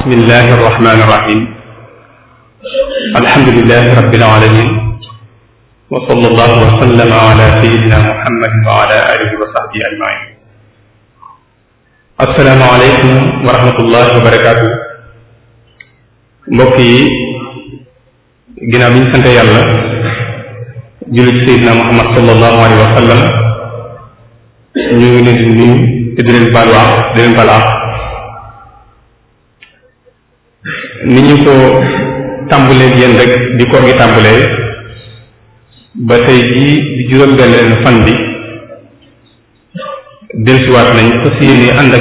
bismillahi arrahmani irrahim alhamdulilahi rabbil alamin wa sallallahu wa sallama ala sayidina muhammadin wa ala alihi wa sahbihi ajmain assalaamu aleykum wa rahmatullahi wa barakaatu mbokk yi ginnaaw bi ñu sant yàlla julli ci sayidina muhammad sallallahu alayhi wa sallam ñu ngi leen di nuyu te di leen baal wax di leen baal wax ni ñu ko tàmbalee yéen rek di koor gi tàmbalee ba tey jii di juróom-benn fan bi dellusiwaat nañ fas yéene ànd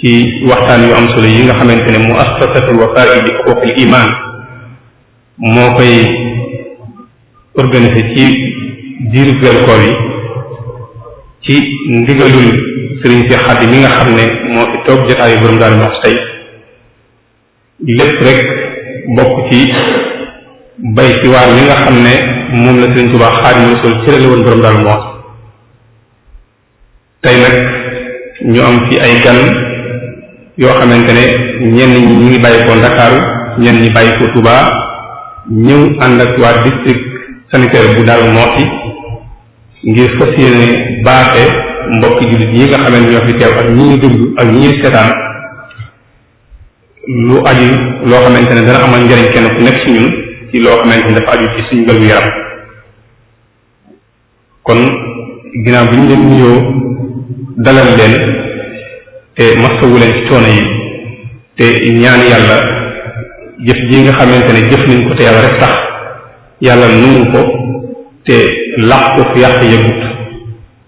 ci waxtaan yu am yi nga xamante ne mu assasatul wafa'i bi huquqil iman moo koy organisé ci diiru weeru koor yi ci ndigalul sëriñ si xaddi mi nga xam ne moo fi toog jotaayu borom daal wax tey lépp rek bokk ci bay ci waar li nga xam ne moom la Sëriñ Tuubaa Xaadimu Rasuul cërale woon borom daal moo tey nag ñu am fi ay gan yoo xamante ne ñenn ñi ñu ngi bàyyi ko Ndakaaru ñenn ñi bàyyi ko Touba ñëw ànd ak waa district sanitaire bu Darou Moukhty ngir fas yéene baaxe mbokki jullit yi nga xam ne ñoo fi teew ak ñi ñu dund ak ñi ñu seetaan lu aju loo xamante ne dana amal njëriñ kenn ku nekk ci ñun ci loo xamante ne dafa aju ci suñu wér yaram kon ginnaaw bi ñu leen nuyoo dalal leen te masawu leen ci coono yi te ñaan yàlla jëf ji nga xamante ne jëf nañ ko te yàlla rek tax yàlla nangu ko te laq ko fu yàq yëgut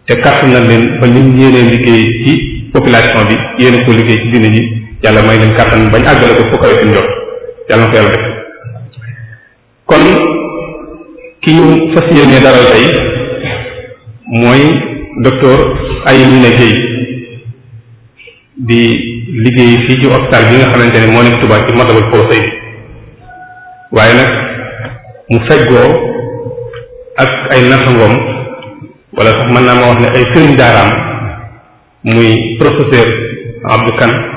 te kàttan na leen ba lim yéenee liggéey ci population bi yéene koo liggéey ci dina ji yàlla may leen kàttan bañ àggale ko fu kawe seen jot yàlla na ko yàlla kon ki ñu fas yéenee daral tey mooy docteur Ayelina Guèye di liggéey fii ci hôpital bi nga xamante ne moo nekk Touba ci Matlaboul Fawzayni waaye nag mu feggoo ak ay naxangoom wala sax mën naa ma wax ne ay sëriñ daaraam muy professeur Abdou Kane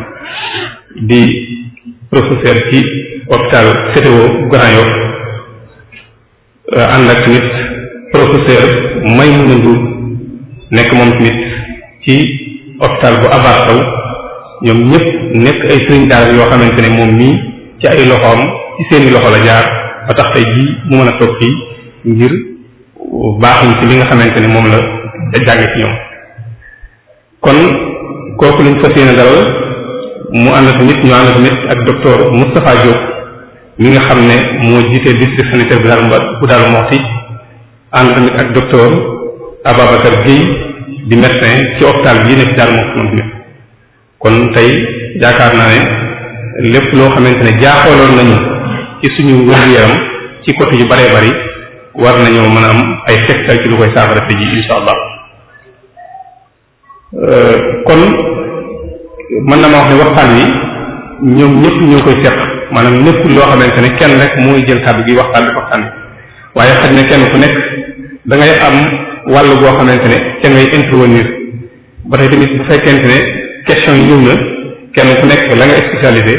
di professeur ci hôpital CTO Grand Yoff euh, ànd ak tamit professeur Maïmouna Ndour nekk moom tamit ci hôpital bu Abass ñoom ñëpp nekk ay sëriñ daara yoo xamante ne moom mii ci ay loxoom ci seeni loxo la jaar ba tax tey jii mu mën a toog fii ngir baaxuñ ci li nga xamante ne moom la jànge ci ñoom kon kooku lañ fas yéene dalal mu ànd tamit ñu ànd tamit ak docteur Moustapha Diop mi nga xam ne moo jiite district sanitaire bu daal bu daal moxti ànd tamit ak docteur Ababacar Guèye di médecin ci hôpital bii nekk daal moxti moom kon tey yaakaar naa ne lépp loo xamante ne jaaxooloon nañu ci suñu wér-gu-yaram ci côté yu bëree bëri war nañoo mën a am ay tegtal ci lu koy saafara fii ji incha allah euh, kon. mën na ma wax ne waxtaan wi ñoom ñëpp ñoo koy seq maanaam lépp loo xamante ne kenn rek mooy jël kàddu gi waxtaan bi waxtaan bi waaye xaj ne kenn ku nekk da ngay am wàll boo xamante ne ca ngay intervenir tamit bu fekkente ne question yi ñëw na kenn ku nekk la nga spécialisé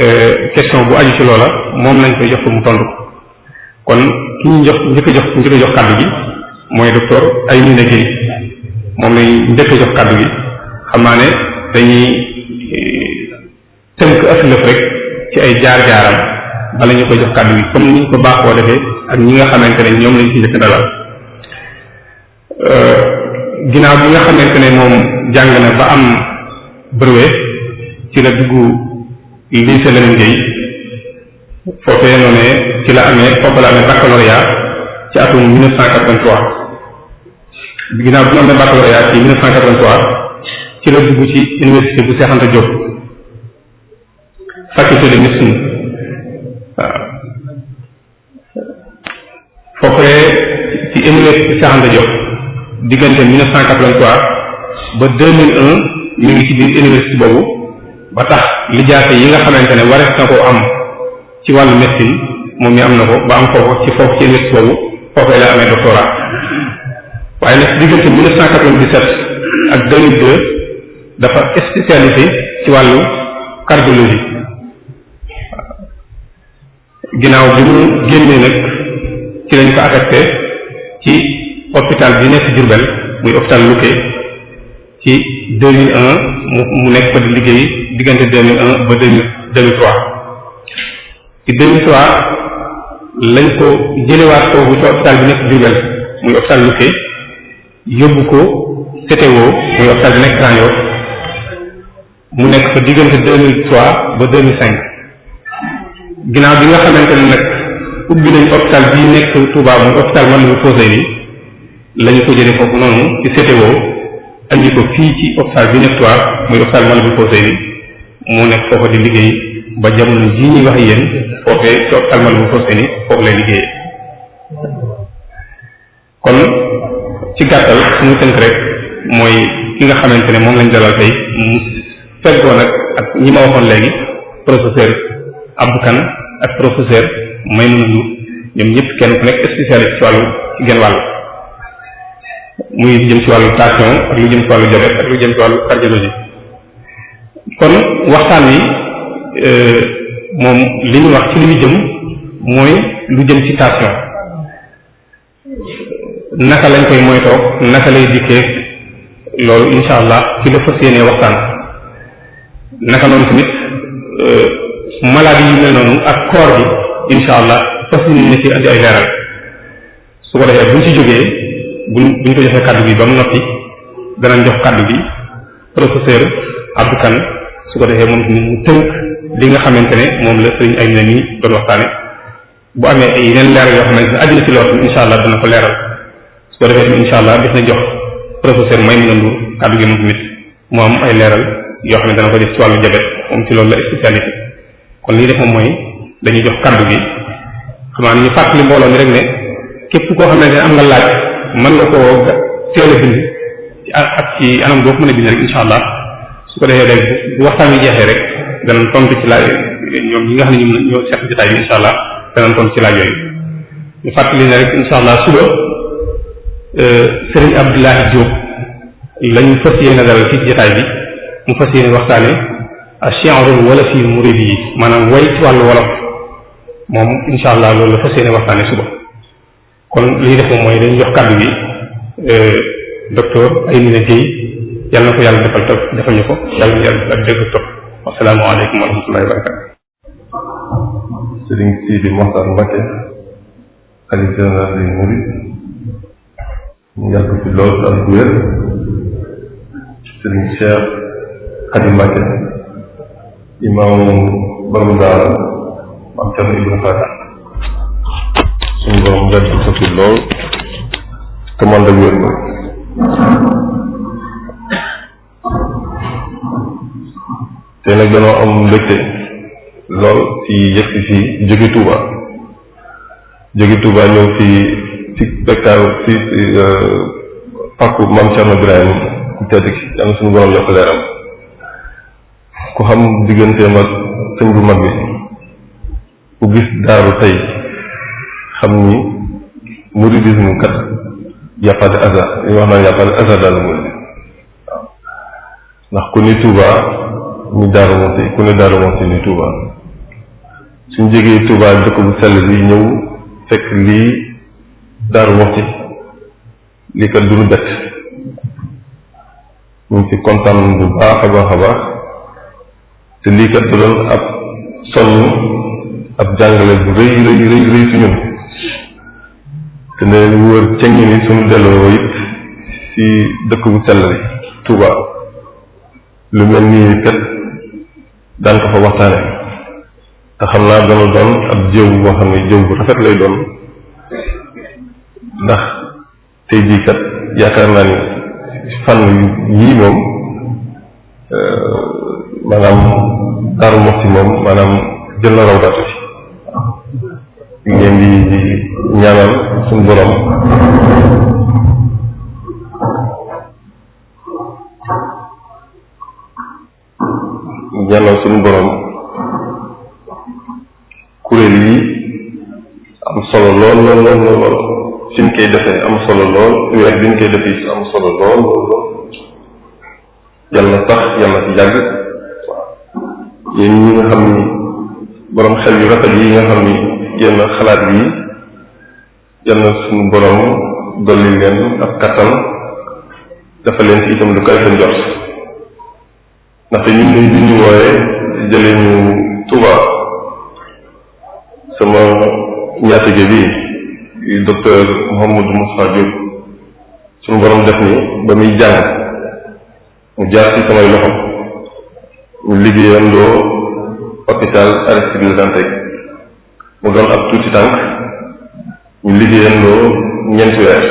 euh, question bu aju ci loola moom lañ koy jox mu tontu ko kon ki ñu jox njëkk a jox njëkk jox kàddu gi mooy docteur Aymina Guèye moom lañ njëkk jox kàddu gi xam naa ne dañuy eh, tënk ëslëf rek ci ay jaar-jaaram bala ñu koy jox kàddu yi comme ni ñu ko baax baaxoo defee ak ñi nga xamante ne ñoom lañ ci njëkk dalal euh, ginnaaw bi nga xamante ne moom jàng na ba am brevet ci la dugg lycée Lamine Gueye foofee noonu ci la amee foofu la amee baccalauréat ci atum 1983 ginnaaw bi mu amee baccalauréat ci 1983 ci la dugg ci université bu Cheikh Anta Diop faculté de médecine waaw foofee ci université Cheikh Anta diggante 1983 ba 2001 mi ngi ci biir boobu ba tax lijaasa yi nga xamante ne wareef na koo am ci wàllu médecine moom mi am na ko ba am foofu ci foofu ci université boobu foofee la amee doctorat waaye nag diggante 1997 ak 2002 dafa spécialisé ci wàllu cardiologie ginnaaw bi mu génnee nag ci lañ ko affecté ci hôpital bi nekk Diourbel muy hôpital Louqué ci 2001 mu mu nekk fa di liggéey diggante 2001 ba 2003 ci 2003 lañ ko jëlewaat foofu ci hôpital bi nekk Diourbel muy hôpital Louqué yóbbu ko CTO muy hôpital bi nekk Grand Yoff mu nekk fa diggante deux mille ba deux mille cinq ginnaaw bi nga xamante ne nag ubbi nañ nekk Touba muy hôpital man lu ko jëlee foofu noonu ci CTO andi ko fii ci hôpital bi nekk Touba muy hôpital man lu fausé ni di liggéey ba jamono jii ñuy wax yéen foofee ci hôpital man lu fausé ni foofu lay liggéeyee kon ci gàttal suñu tënk rek mooy ki nga xamante ne moom lañ dalal tey feggoo nag ak ñi ma waxoon léegi professeur Abdou Kane ak professeur Maymouna Ndour ñoom ñëpp kenn ku nekk spécialiste ci wàllu ci genn wàll muy jëm ci wàllu tension ak lu jëm ci wàllu diabète ak lu jëm ci wàllu cardiologie kon waxtaan wi euh, moom li ñu wax ci li ñu jëm mooy lu jëm ci tension naka lañ koy moytoo naka lay dikkee loolu insha allah ci la fas yéenee waxtaan naka noonu tamit euh, maladie yi mel noonu ak koor bi incha allah fas yéene ay leeral su ko defee buñ ci jógee buñ buñ ko joxee kaddu bi ba mu noppi danañ jox kaddu bi professeur Abdou Kane su ko defee moom tamit mu tënk li nga xamante ne moom la sëriñ ay na nii doon waxtaane amee ay yeneen leeral yoo xamante ne allah dana ko leeral su ko allah def na jox professeur may mu nandu kaddu gi moom tamit mu am ay leeral yoo xam ne dana ko def ci wàllu jabet moom ci loolu la spécialité kon lii def moom mooy dañuy jox kàddu gi xamaa ne ñu fàttali mbooloo mi rek ne képp koo xam ne am nga laaj man nga koo teel bind ak ci anam boo ko mën a su ko defee rek bu waxtaan wi jeexee rek danañ tontu ci laaj ñoom ñi nga ci laaj yooyu ñu fàttali ne rek incha allah suba euh, Serigne Abdoulaye Diop lañu fas yéene dalal ci jotaay bi. mu fas yéene waxtaane ash-shi'rul wolofi murid yi maanaam way ci wàllu wolof moom insha allah loolu la fas yéene waxtaane suba kon li ñu def moom mooy dañu jox kàddu bi euh, docteur Aymina Guèye yal na ko yàlla defal topp defal ñu ko yàlla ñu yàlla ak dëgg topp asalaamaaleykum wa rahmatullahi wa barakatu Sëriñ Sidi Moxtar Mbacke xalifa général des mourides ñu yàgg fi lool ak wér Sëriñ Cheikh Xadim Mbàkke imaam borom daara maam Cerno Ibrahima Faati suñu borom yàgg ko fi lool te man la wér ma te ci si jóge Touba jóge Touba ñëw ci ci bekkaaru ci euh, pàkku maam Cerno Ibrahima ku tedd ki yàlla suñu borom yokk leeram ku xam digganteem ak sëñ bu mag bi ku gis daaru tey xam ni muridisme kat yàppale asa li wax naan yàppale asa daal mooy waaw ndax ku ni Touba ñu daaru monti ku ne daaru monti ni Touba suñ jógee Touba dëkk bu sell bi ñëw fekk lii daaru monti lii kat du nu bett ñu ngi ci kontaan bu baax a baax a baax te lii kat du doon ab sonn ab jàngale bu rëy rëy rëy rëy te ne wër cengi ni suñu delloo it si dëkk bu sell bi Touba lu mel nii kat daan ko fa waxtaane te xam naa dana doon ab jëw boo xam ne jëw bu rafet lay doon ndax tey jii yaakaar naa ni fànn yii moom maanaam Daaru Muxti moom maanaam jël na rawgatu bi ngeen di ñaanal suñu borom ñaanal suñu borom kuréel yi am solo lool lool lool lool fi ñu koy defee am solo lool weer bi ñu koy defee am solo lool lool yéen ñi nga xam ni borom xel yu rafet yi nga xam ni yéen xalaat yi yal suñu borom dolli leen ak kattan dafa leen ci itam lu koy seen jot ndaxte ñun ñuy bi ñu wooyee jëlee ñu Tuuba sama ñaatige bi docteur Mouhamadou Moussa Diop suñu borom def ni ba muy jàng mu jaar ci samay loxo ñu liggéeyandoo hôpital Aristide Le Dantec mu doon ab tuuti tànk ñu liggéeyandoo ñeenti weer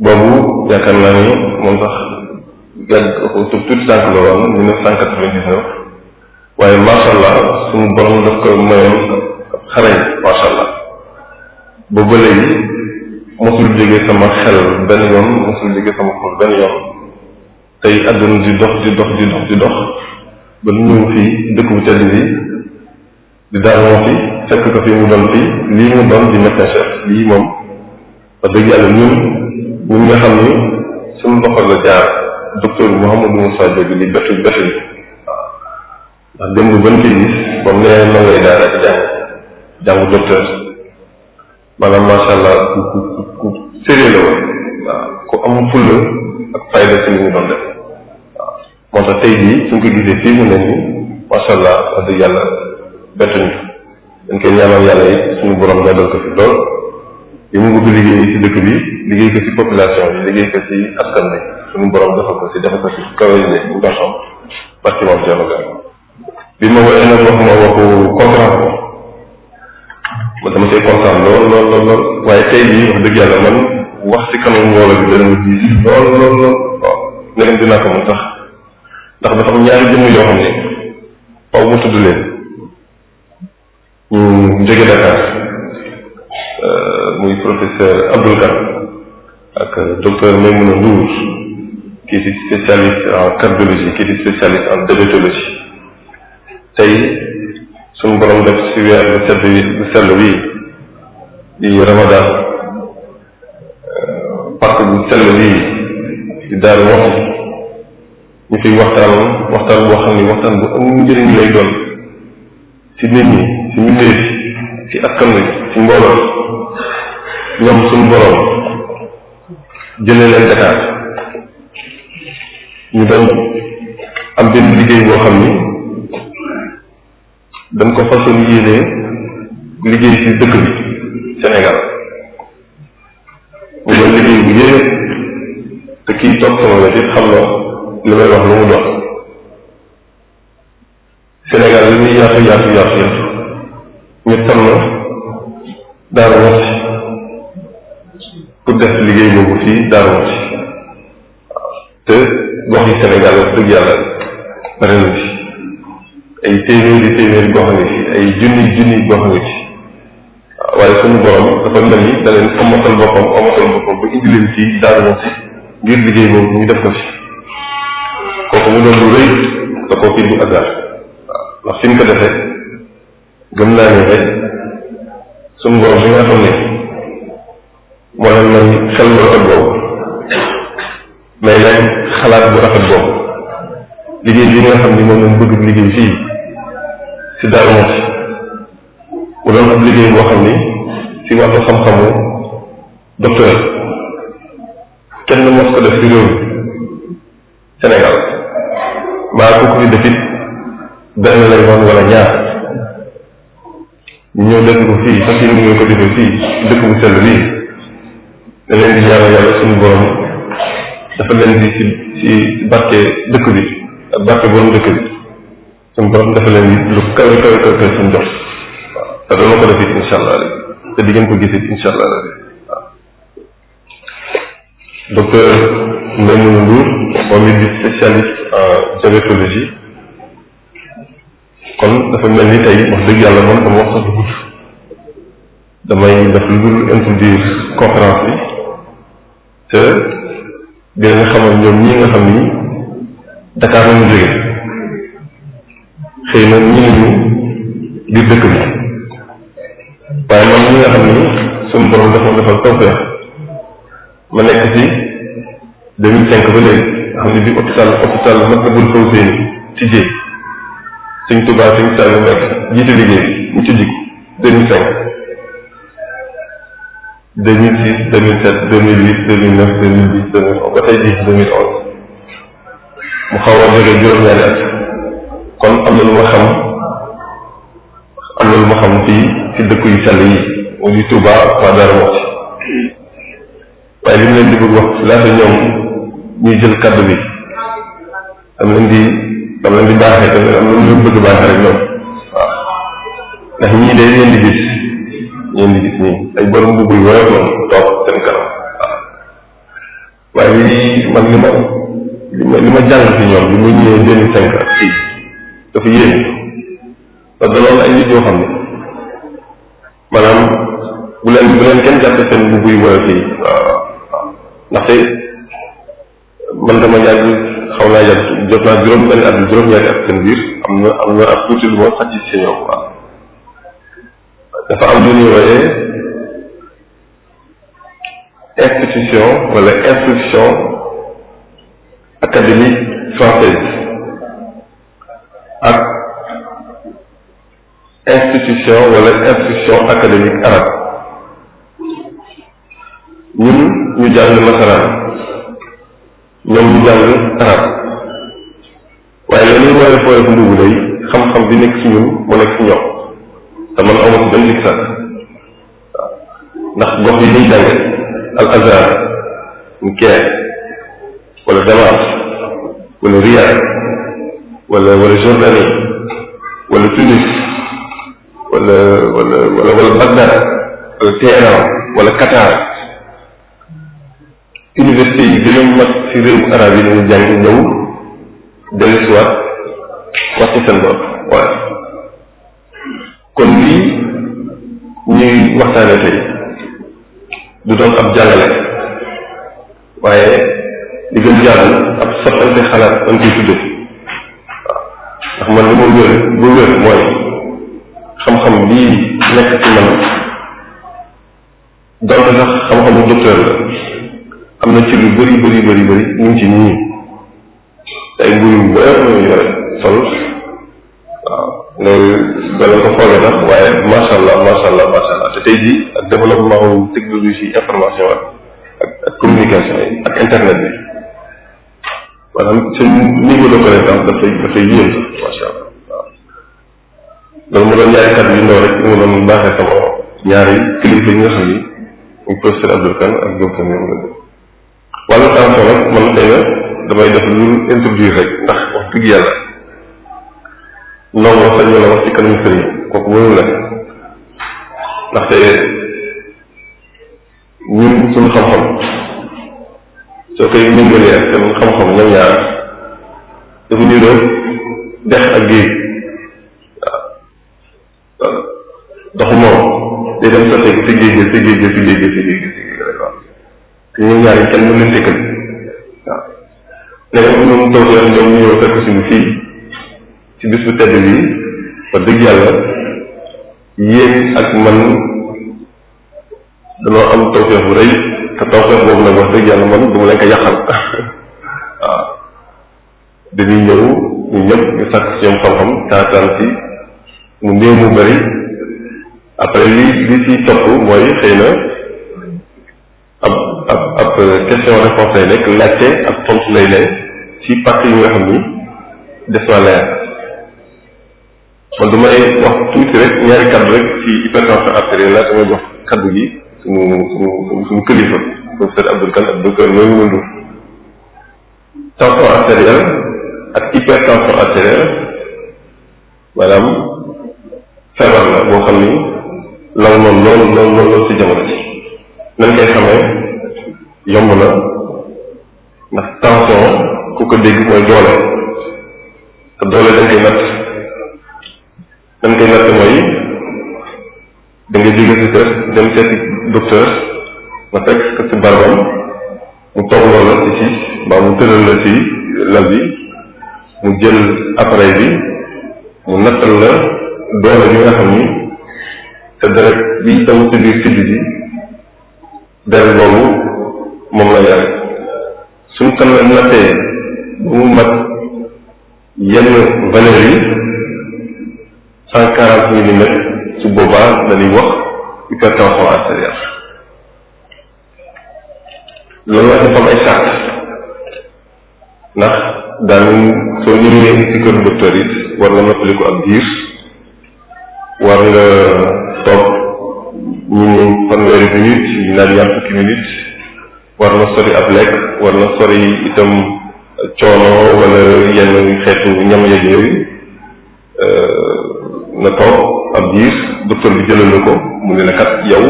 boobu yaakaar naa ni moom sax yàgg tuuti tànk la woon mille neuf cent quatre-vingt-dix-neuf waaye macha allah suñu borom daf ko mayoon xarañ macha allah boobu ba léegi mosul jóge sama xel benn yoon mosul jóge sama xol benn yoon tey àdduna di dox di dox di dox di dox ba nu ñëw fii dëkk bu tedd bi di daal fi fekk ko fi mu doon fii lii mu doon di médecin chef moom wax dëgg yàlla ñun nga xam ni suñu loxo la jaar docteur Mouhamadou Moussa Diop li bettu bettu bi ndax démb ban kii gis moom nee na ngay daal ak jàng jàngu docteur maanaam macha allah ku ku ku sérieux la woon waaw ku am fulla ak fayda ci li mu doon def moo tax tey jii suñ ko gisee fii mu ne nii macha allah wax dëgg yàlla bettuñu dañ koy ñaanal yàlla it suñu borom yàggal ko fi lool li mu bëgg liggéey ci dëkk bi liggéey ko ci population bi liggéey ko ci askan bi suñu borom defal ko ci defal ko ci kawe yi ñu ndoxam parti moom Thierno Gaye bi ma waxee nag wax ma waxu contrat ko ma dama see kontaan lool lool lool lool lool lool lool waaw ne leen ko mën sax ndax dafa am ñaari jëmm yoo xam ne faw mu tudd leen ñu jóge Dakar muy professeur Abdoul Kane ak docteur Maymouna Ndour qui est spécialiste en cardiologie qui est spécialiste en diabétologie tey suñu borom def si weer bu sell wi di Ramadan euh, parc bu sell wi di Daaru Muxti ñu fiy waxtaan waxtaan boo xam ne waxtaan bu am njëriñ lay doon ci nit ñi ci mbindéef ci askan wi ci mbooloo ñoom suñu boroom jëlee leen Dakar ñu doon am benn liggéey boo xam ni dañ ko façon yéenee liggéey ci dëkk bi Sénégal mu doon liggéey bu yéene te kii toog sama wet it xam na li may wax lu mu dox Sénégal li muy yaatu yaatu yaatu yaatu ñu tànn Daaru Muxti pour def liggéey boobu fii Daaru Muxti te gox yi Sénégal wax dëgg yàlla bare fi ay téeméeri téeméeri gox nga ci ay junni junni gox nga ci waaye suñu borom dafa mel ni da leen boppam amatal boppam ba indi leen fii Daaru Muxti ngir liggéey boobu ñu def ko fi mu doon lu rëy da koo mu ko defee gëm naa ni rek suñu borom bi nga xam ne moo leen xel bu rafet boobu may leen xalaat bu rafet boobu liggéey bi nga xam ne moom lañ bëgg liggéey fii si Darou Moukhty mu doon ab liggéey boo xam ni si wàllu xam-xamu docteur kenn mos ko def ci réew Sénégal maa ku ko fi defit benn lay doon wala ñaar ñu ñëw ko fii fas yéene nga ko defee fii dëkk bu sell bii da leen di ñaanal yàlla suñu borom dafa leen di ci ci barke dëkk bi ak barke borom dëkk bi suñu borom dafa leen di lu kawe kawe kawe kawe suñu jox waaw te dana ko def it incha allah te di ngeen ko gis it incha allah waaw Mamoun Ndour moom it di spécialiste en kon dafa mel ni tey wax dëgg yàlla man sama wax sax damay def lu dul introduire conférence bi te dinañ xamal nga xam ni Dakar nañu jóge xëy na ñu ngi biir dëkk bi waaye man ñi nga xam ni suñu borom dafa defal tawfeex ma nekk ci 2005 ba léegi xam ne bi hôpital hôpital mat na bul faw séen tijjee sëñ Tuubaa sëñ Saliou Mbacke jiite liggéey bi mu tijji ko 2005 2006 2007 2008 2009 2010 2011 ba tey jii 2011 mu xaw a jógee juróom-ñaari at kon am na lu ma xam am na lu ma xam fii ci dëkk yu sell yi mu di Touba waa Darou Moukhty waaye li mu leen di bëgg wax laata ñoom ñuy jël kaddu bi dama leen di dama leen di baaxee dama leen bëgg baaxee rek ñoom waaw ndax ñii leen di gis ñeen gis nii ay borom mbubb yu woyof moom toog seen kanam waaye lii man li ma li ma li ma jàng ci ñoom li ma ñëwee deux mille dafa yéene parce que loolu ay nit yoo xam ne maanaam bu leen bu leen kenn jàpp seen mbubb yu woyof yi waaw waaw ndaxte man dama yàgg xaw naa yàgg jot naa juróom benn at juróom-ñaari at seen biir am na am na ak tuuti lu ma xaj waaw dafa am lu ñuy wooyee institution wala institution académique française ñun ñu jàng nasaraan ñoom ñu jàng waaye la ñuy woowee fooye bu ndugu day xam-xam bi nekk ci ñun mu nekk ñoom te man awma ci benn lig sax ndax gox yi ñuy jàng al wala Damas wala Riyad wala wala wala Tunis wala wala wala wala wala Téhéran université yi gën a mag ci réewu arab yi dañu jàng ñëw dellusiwaat wax ci seen bopp waaw kon lii ñuy waxtaane tey du doon ab jàngale waaye li gën jàll ab soppante xalaat dañ koy tudde waaw ndax man li ma wér bu mooy xam-xam bii nekk ci man donte sax xam-xamu docteur la am na ci lu bëri bëri bëri bëri ñu ngi ci nii ay mbir yu bëri ñu waaw loolu dana ko foogee nag waaye macha allah macha allah te tey jii développement wu technologie information ak communication yi ak internet bi maanaam seen niveau de connaissance dafay dafay yéem sax macha allah waaw loolu mu doon ñaari kàddu yu ndaw rek mu baaxee sama ñaari kilifa yi nga xam ni ñu professeur Abdou Kane ak docteur Ndiaye wàllu temps nag man xëy na damay def lu introduire rek ndax wax dëgg yàlla ndongo sañ la wax ci kanamu sëriñ kooku mënul la ndaxte ñun suñu xam-xam soo koy méngalee ak seen xam-xam ñoom ñaar ak géej waaw doxu dem sa tegu si géej gi si géej gi géej gi géej te ñoom ñaar kenn mën leen tëkkal bi wax dëgg yàlla yéen ak man danoo am tawfeex bu rëy te tawfeex yàlla ma leen ko yàqal waaw dañuy ñëw ñu si ñoom xam-xam taataan si mu néew mu bëri après li li ciy topp mooy xëy na ab ab ab question réponse lay nekk laajte ak tontu lay ne ci partie yi nga xam ni des na leer man du may wax tuuti rek ñaari kaddu rek ci hypertension artérielle la damay jox kaddu gi suñu suñu suñu kilifa professeur Abdoul Kane ak docteur Noël Ndour tension artérielle ak hypertension artérielle maanaam feebar la boo xam ni lan loolu loolu loolu loolu si jamono nan koy yomb na ndax tension ku ko dégg mooy doole te doole dañ koy natt dañ koy natt mooy da nga jóge si kër dem seeti docteur nga fekk ko si mu toog loola ci mbaa mu tëral la ci lal bi mu jël appareil bi mu nattal la doole bi nga ni te deret bi daw ci biir siddi bi der boobu moom la yar suñ ko nattee ba mu mat yenn valeur yi cent quarante millimètres su boobaa dañuy wax hypertension artérielle loolu nag dafa ay sart ndax daanu soo ñëwee ci kër docteur yi war nga noppaliku ab diir war nga toog ñu fanweeri minute ñu naan ñaar fukki minute war na sori ab lekk war na sori itam coono wala yenn xeetu ñam yeeg yooyu euh, na toog ab diir docteur bi jëlal la ko mu ne la kat yow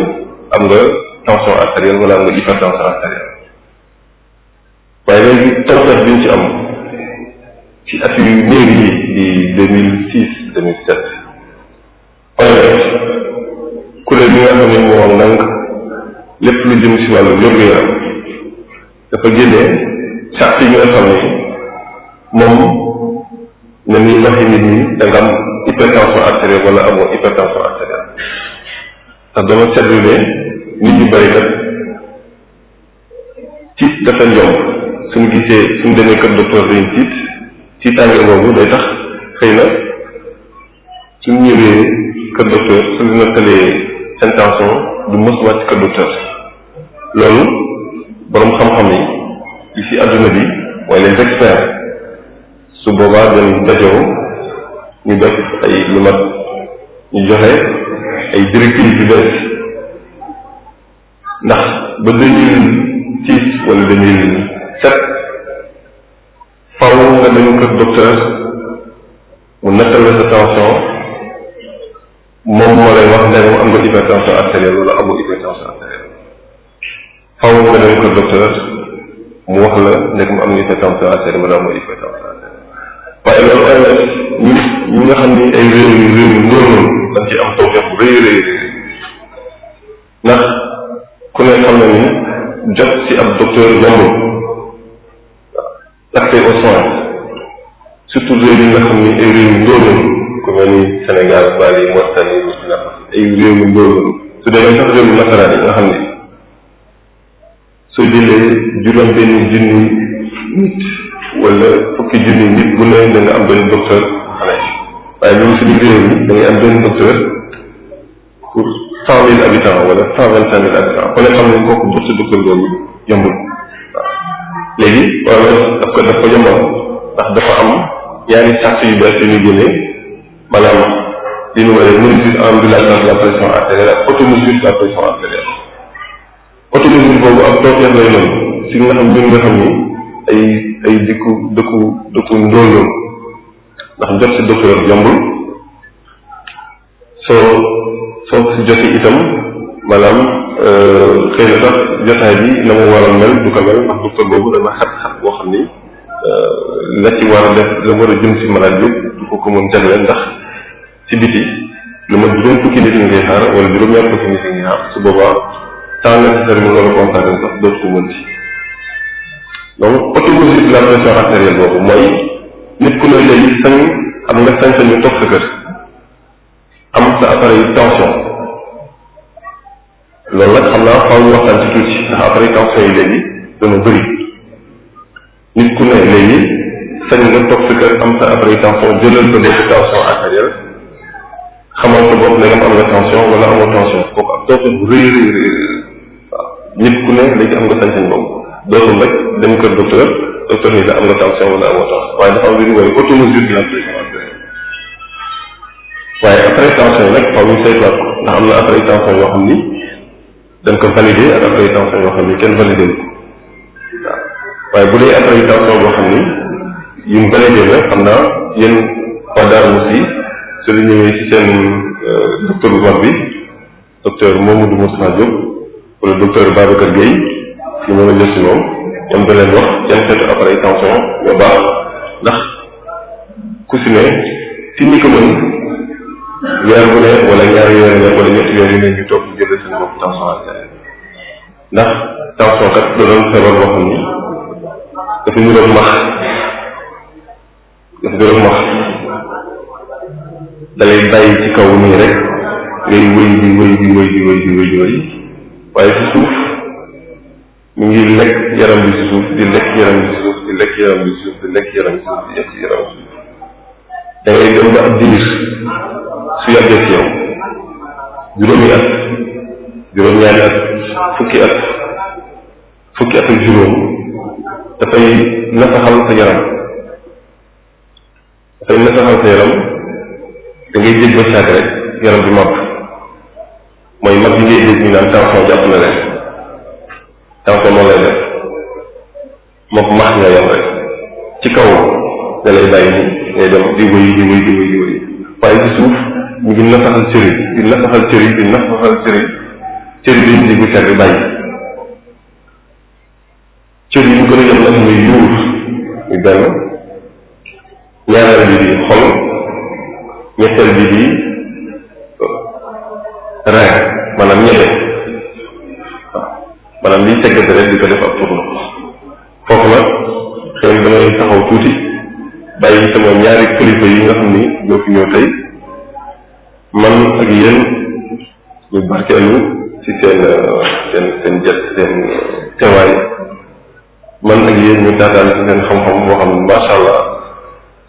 am nga tension artérielle wala am nga hypertension artérielle waaye léegi tawfeex bi ñu ci am ci at yu néew yi di deux mille six deux mille sept lépp lu jëm si wàllu wér gu yaram dafa jëlee sart yi nga xam ne moom na ñuy waxi nit ñi da am hypertension artérielle wala amoo hypertension artérielle ndax dama seetlu ne nit ñu bëri kat tiit dafa yomb suñu gisee suñu demee kër docteur dañu tiit tiitaange boobu day tax xëy na suñu ñëwee kër docteur su dina tëlee intention du mos wàcc kër docteur loolu boroom xam-xam yi ci si adduna bi waaye les experts su boobaa dañ dajoo ñu def ay lu ñu joxe ay directives yu bees ndax ba deux mille six wala deux mille sept faw nga dañu kër docteur mu nattal la sa tension moom moo lay wax ne am nga hypertension artérielle wala amoo hypertension artérielle faw nga dem ko docteur mu wax la nekk mu am nga fay cancer ACR wala amoo li xam ni ay réew yu réew yu am tawfeex ku ne xam na ni jot ci ab docteur yombul accès aux soins surtout réew yi nga xam ni ay réew yu ngóor noonu ku mel ni Sénégal Mali Mauritanie ay réew yu ngóor noonu su dee sax réew yu nasaraan yi nga xam ni soo jëlee juróom benn am da am benn docteur pour cent mille habitants wala cent vingt léegi wala daf ko daf ko yombal ndax dafa am ñaari sart yu bees yu ñu génnee maanaam li ñu waree mesure en bilan de la pression artérielle ak automésurer la pression autonomie boobu ak toofeex lay doon si nga xam gën nga xam ni ay ay dëkku dëkku dëkku ndóolloon ndax jot si docteur jombul soo soo si joti itam maanaam euh, xëy na sax jotaay bi na mu war a mel du ko mel ndax docteur boobu dana xat-xat boo xam ni euh, la ci war a def la war a jëm si malade bi du ko ko mën jagleel ndax ci biti lu ma juróom fukki nit ñi ngay xaar wala juróom-ñaar fukki nit su boobaa temps nécessaire sax dootu ko mën ci donc automatique la pression artérielle boobu mooy nit ku lay léegi sañ am nga sañ-sañ ñu toog sa kër am sa appareil tension loolu nag xam naa faaw ñu waxtaan ci tuuti ndax appareil tension yi léegi dana bëri nit ku ne léegi sañ nga toog sa kër am sa appareil tension jëlal ko def tension artérielle xamal ko bopp ne am nga tension wala amoo tension kooku ak tension bu rëy rëy rëy nit ku ne léegi am nga sañ-sañ boobu dootul rek dem kër docteur docteur ni la am nga tension wala amoo waaye dafa am lu ñu woowee waaye appareil ndax am na appareil tension yoo xam ni dañ ko validé ak appareil tension yoo xam ni kenn validé ko waaw waaye bu dee appareil tension boo xam ni yu mu la xam naa yéen waa Darou Mousty su ñëwee ci seen euh, docteur bu mag bi docteur Mamadou Moussa Diop. wala docteur Babacar Gueye ci mën a jël si moom ñoom da wax yan xeetu appareil tension yoo baax ndax ku si ne ci ko mën weer bu ne wala ñaari weer ne wala ñetti weer yu ne ñu toog ñu jëlee seen bopp tension artérielle ndax tension kat feebar boo dafa ñu doon max dafa bàyyi ci kaw nii rek ngay wëy di wëy di wëy di wëy di wëy di wëy waaye ci suuf mu ngi lekk yaram bi ci suuf di lekk yaram bi ci suuf di lekk yaram bi ci suuf di lekk yaram bi ci suuf di yegg ci yaram bi ci suuf da ngay dem ba ab diir su yàggee ci yow juróomi at juróom-ñaari at fukki at fukki at ak juróom dafay nasaxal sa yaram dafay nasaxal sa yaram da ngay jég ba saag rek yaram bi màpp mooy mag bi ngay dégg ñu naan tension jàpp lay def mook maax nga yem rek ci kaw da lay bàyyi ni ngay dem di wéy di wéy di wéy di wéy waaye ci suuf ñu ngi nasaxal cër di nasaxal cër di nasaxal cër yi cër yi dañu dégg cër bi bàyyi cër nag muy yuur muy benn ñaareel bi di xol ñetteel bi di sécrété rek di ko def ab tournoi foofu nag xëy taxaw tuuti bàyyi sama ñaari kilifa yi nga xam ni ñoo fi ñëw tey man ak yéen ñu barkeelu ci seen xam-xam boo xam ne macha allah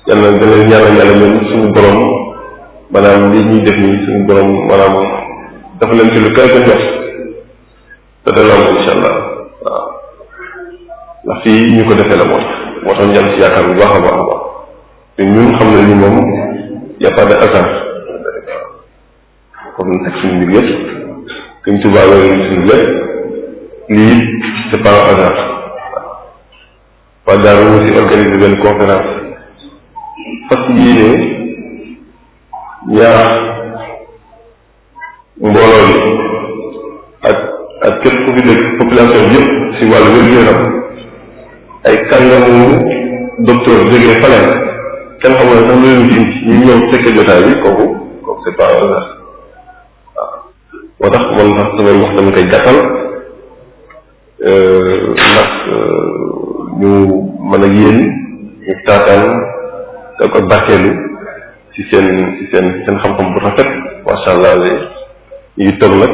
yàlla na dana ñaanal yàlla ñun suñu borom maanaam li ñuy def nii suñu borom maanaam dafa leen ci lu kaw ko njort te dana am incha allah. ndax fii ñu ko defee la moom moo tax ñu am ci yaakaar bu baax a baax a baax te ñun xam nañu moom y a pas de hasard kon teg suñu mbir yëpp te ñu tubaab yooyu suñu lépp lii c'est pas un hasard waa daaru mu si organiser benn conférence fas yéene ñaax mbooloo yi ak ak képp ku fi dëkk population bi yëpp si wàllu wér-gu-yaram ay kàngamu docteur jógee feneen kenn xamul ne sax lu ñu fekkee jotaay bi kooku kooku c'est pas un hasard moo tax man tax samay wax dama koy gàttal euh, ndax euh, ñu mën ak yéen ñu taataan da ko barkeelu ci seen ci seen seen xam-xam bu rafet macha allah ñu ngi nag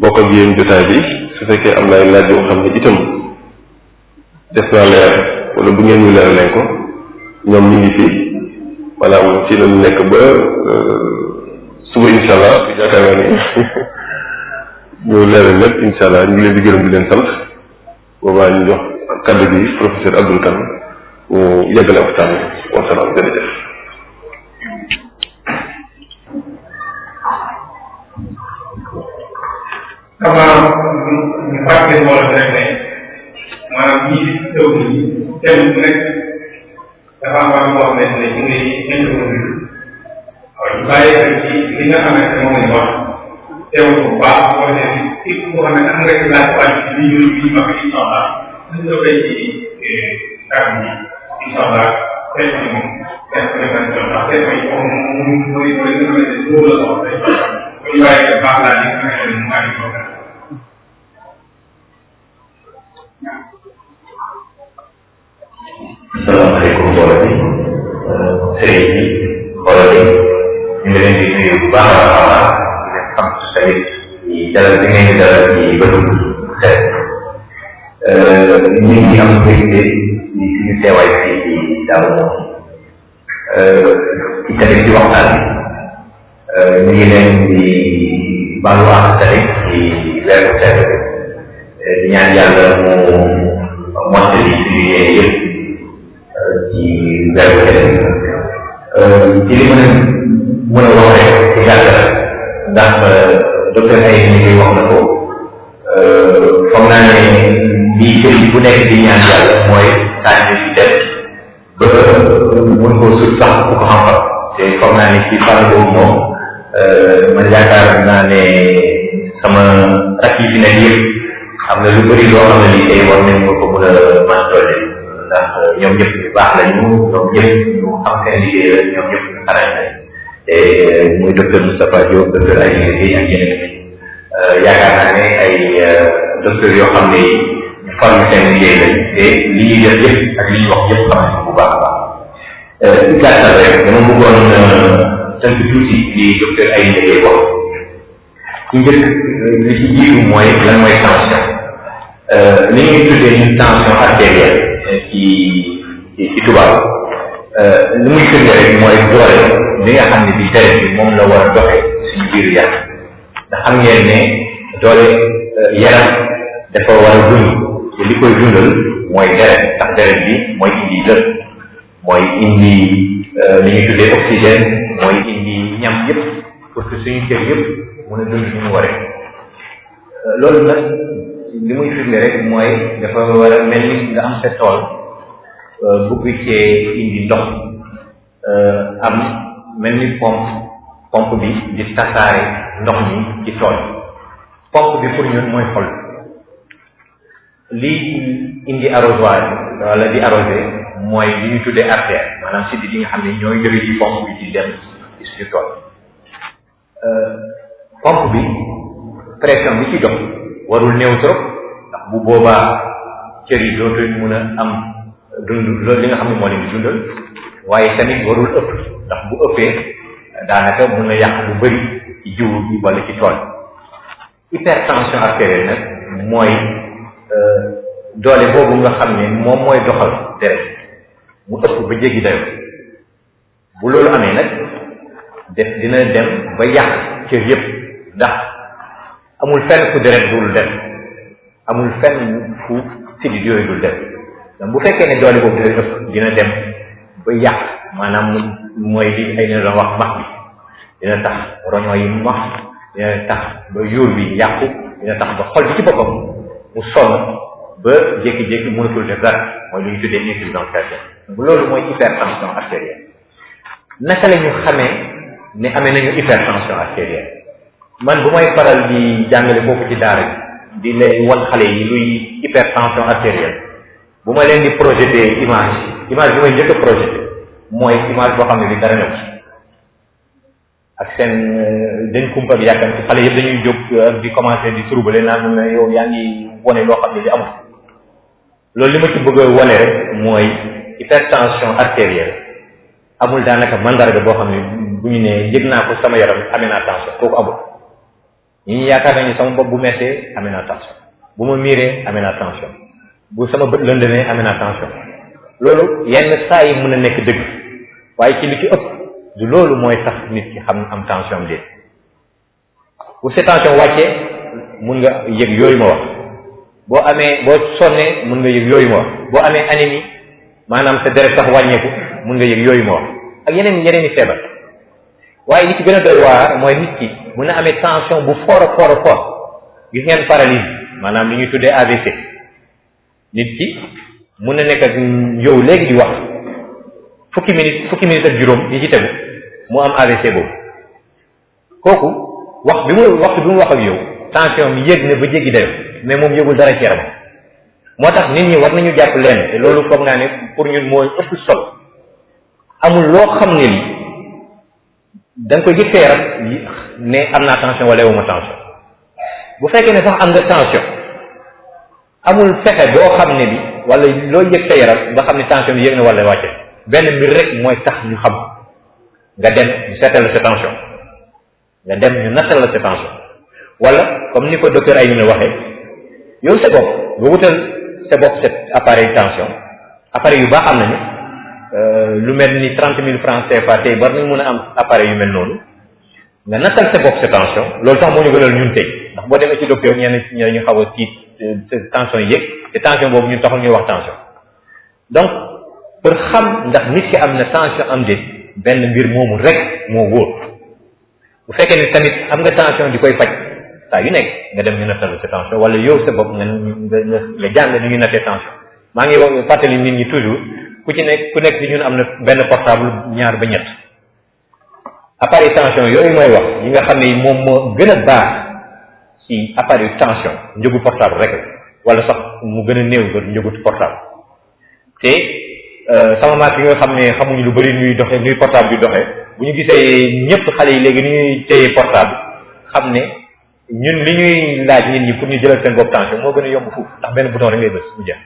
bokk ak jotaay bi su fekkee am na ay laaj yoo xam ne itam. des na leer wala bu ngeen ñu leeralee ko ñoom ñu ngi fi maanaam ci lañu nekk ba euh, suba incha allah yaakaar naa ni ñu leeral lépp incha ñu ngi leen di gërëm di leen sant boobaa ñu jox kaddu bi professeur Abdoul Kane mu yeggale waxtaan bi wasalaam jërëjëf xam naa ñu fàtte maanaam ñii di taw bi kenn ku nekk dafa am wàllu wax ne ne ñu ngi introduire waaw ñu bàyyi ko ci li nga xamante moom lañ wax teew bu baax mooy ne képp koo xam ne am nga ci laaj wàcc ci li ñu li ñu wax incha allah ñu ngi koy ci kàddu yi incha allah kenn ku ne moom kenn ku ne man incha allah kenn ku ne moom moom mooy mooy li nga xamante ne moom la ko wax rek ñu bàyyi ko baax laa li nga ne moom maa ngi ko sëriñ bi mbooloo bi ñu ngi leen di nuyu bu baax a baax di leen xam tamit ñi dalal bi ngeen dalal ñi bëtu xel ñu ngi am mbégte ñi suñu teewaay fii ci daaw moom ci tamit ci waxtaan bi ñu ngi leen di baalu àq tamit ci weeru sedd di ñaan yàlla mu mottali suñu yéen yëpp ci li ma leen mën a wax rek ci gàttal ndax eh, docteur ay wax na ko ehm, foog naa ne lii sëriñ bu nekk di ñaan yàlla mooy naan ñu ci def ba eh, mun koo sax ku ko xam te foog naa ne ci fànn moom eh, man yaakaar naa ne sama rakk fi nekk yëpp am na lu bëri loo xam ne lii tey war nañ ma ko mën a mën a ndax ñoom ñëpp ñu baax lañu ñoom ñëpp ñu am seen liggéey la ñoom ñëpp ñu xarañ lañ te muy docteur Moustapha Diop docteur ay liggéey ak yeneen yaakaar li ñuy def yëpp li ñuy wax yëpp xam baax a baax ci gàttal rek dama bëggoon tënk tuuti li docteur ay liggéey wax ci njëkk li ci jiitu mooy li euh, ñuy tuddee une tension artérielle ci ci tubaab li euh, muy firnde rek mooy doole li nga xam ne bi deret bi moom la war a doxe suñu biiru yaram nga xam ngeen ne doole euh, yaram dafa war a dund te li koy dundal mooy deret ndax deret bi mooy indi lëpp mooy indi li ñuy tuddee oxygène mooy indi ñam yëpp pour que suñu cër yëpp mën a dund ñu waree loolu nag li muy firnde rek mooy dafa war a mel ni nga am sa tool euh, bu cee indi ndox euh, am mel ni pompe pompe bi di tasaare ndox mi ci tool pompe bi pour ñun mooy xol lii indi arrosoir wala di arrosé mooy li ñu tuddee artère maanaam siddi di nga xam ne ñooy jóge ci pompe bi di dem ci suñu tool euh, pompe bi pression bi ci dox warul néew ndax bu boobaa cër yi dootuñ mun a am dund loolu li nga xam ne moo leen di dundal waaye tamit warul ëpp ndax bu ëppee daanaka mun na yàq bu bëri ci jiw bi ci tool hypertension artérielle nag mooy euh, doole boobu nga xam ne moom mooy doxal deret mu ëpp ba jéggi dayo bu loolu amee nag def dina dem ba yàq cër yépp ndax amul fenn fu deret dul dem amul fenn fu sidit yooyu dul dem donc bu fekkee ne doole boobu day ëpp dina dem ba yàq maanaam mooy li ay na doon wax max bi dina tax roño yi max dina tax ba yuur bi yàqu dina tax ba xol bi ci boppam mu sonn ba jékki-jékki mënatul def dara mooy lu ñu tuddee insuffisance cardiaque loolu mooy hypertension artérielle naka la ñu ne amee nañu hypertension artérielle man bu may faral di jàngale foofu ci daara bi di wan xale yi luy hypertension artérielle bu ma leen di projeté image image bi may njëkk projeté mooy image boo xam ne bi dara ñëw ci ak seen euh, dañ kumpa bi yàkkam xale yëpp dañuy jóg euh, di commencé di trouble naan na yow yaa ngi wane loo xam ne li amul loolu li ma ci bëgg a rek mooy hypertension artérielle amul daanaka mandarga boo xam ne bu ñu nee yëg naa ko sama yaram amee tension kooku ñu yaakaar nañu sama bopp bu mettee amee naa tension bu ma miiree amee naa tension bu sama bët lëndënee amee naa tension loolu yenn saa yi mën a nekk dëgg waaye ci li ci ëpp loolu mooy tax nit ki xam am tension am déet bu sa tension wàccee mun nga yëg yooyu ma wax boo amee boo sonnee mun nga yëg yooyu ma wax boo amee anémie maanaam sa deret sax wàññeeku mun nga yëg yooyu ma wax ak yeneen yeneen i feebar waaye li ci gën a doy waar mooy nit ki mën a amee tension bu fort fort fort gis ngeen paralysie maanaam li ñuy tuddee AVC nit ki mën na nekk ak yow léegi di wax fukki minutes fukki minutes ak juróom yi ci tegu mu am AVC boobu kooku wax bi mu waxtu bi mu wax ak yow tension bi yëg na ba jéggi dayo mais moom yëgul dara ci yaram moo tax nit ñi war nañu jàpp leen te loolu foog naa ne pour ñun mooy ëpp solo amul loo xam ne li da ko gis sa yaram ne am naa tension wala yow tension bu fekkee ne sax am nga tension amul fexe boo xam ne bi wala loo yëg sa yaram nga xam ne tension bi yëg na wala wàcce benn mbir rek mooy tax ñu xam nga dem ñu seetal la sa tension nga dem ñu nattal la sa tension wala comme ni ko docteur ay ñu waxee yow sa bopp nga wutal sa bopp cet appareil tension appareil yu baax am nañu Euh, lu mel ni trente mille francs CFA tey war nañ mën a am appareil yu mel noonu nga nattal sa bopp sa tension loolu tax moo ñu gënal ñun tey ndax boo demee ci docteur ñenn ñi ñu xaw a tiit euh, boobu ñu taxul ñuy wax tension donc pour xam ndax nit ki am na tension am benn mbir moomu rek moo wóor bu fekkee ne tamit am nga tension di koy faj saa yu nekk nga dem ñu nattal sa tension wala yow sa bopp nga nattee tension maa ngi wax fàttali nit ñi toujours ku ci nekk ku nekk ci ñun am na benn portable ñaar ba ñett appareil tension yooyu mooy wax yi nga xam ne moom moo gën a baax ci appareil tension njëgu portable rek wala sax mu gën a néew nga njëgu portable te euh, sama maat yi nga xam ne xamuñu lu bari ñuy doxe ñuy portable yu doxe bu ñu gisee ñëpp xale yi léegi ni ñuy téye portable xam ne ñun li ñuy laaj nit ñi pour ñu jëlal seen bopp tension moo gën a yomb foofu ndax benn bouton rek ngay bës mu jeex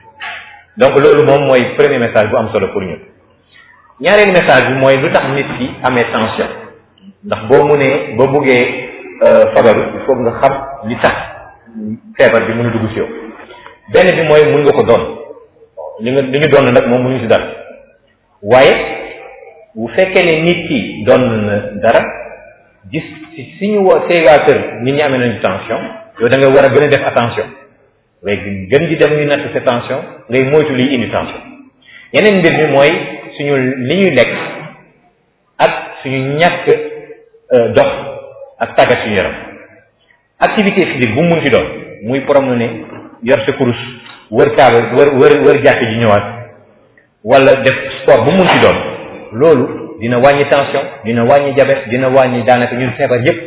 donc loolu moom mooy premier message bu am solo pour ñun ñaareelu message bi mooy lu tax nit ki amee tension ndax boo munee ba buggee euh, fagaru il faut nga xam li tax feebar bi mu a dugg ci yow benn bi mooy mun nga ko doon li nga li ñu doon nag moom mënuñu ci dara waaye bu fekkee ne nit ki doon na dara gis ci suñu séegateur nit ñu amee nañu tension yow da nga war a gën a def attention léegi gën di dem ñuy natt sa tension ngay moytu liy indi tension yeneen mbir mi mooy suñu li ñuy lekk ak suñu ñàkk euh, dox ak tàggat suñu yaram activité physique bu mu munti doon muy porom ne yor sa kurus wër kaaba wër wër wër jàkk ji ñëwaat wala def sport bu mu munti doon loolu dina wàññi tension dina wàññi diabète dina wàññi daanaka ñun feebar yépp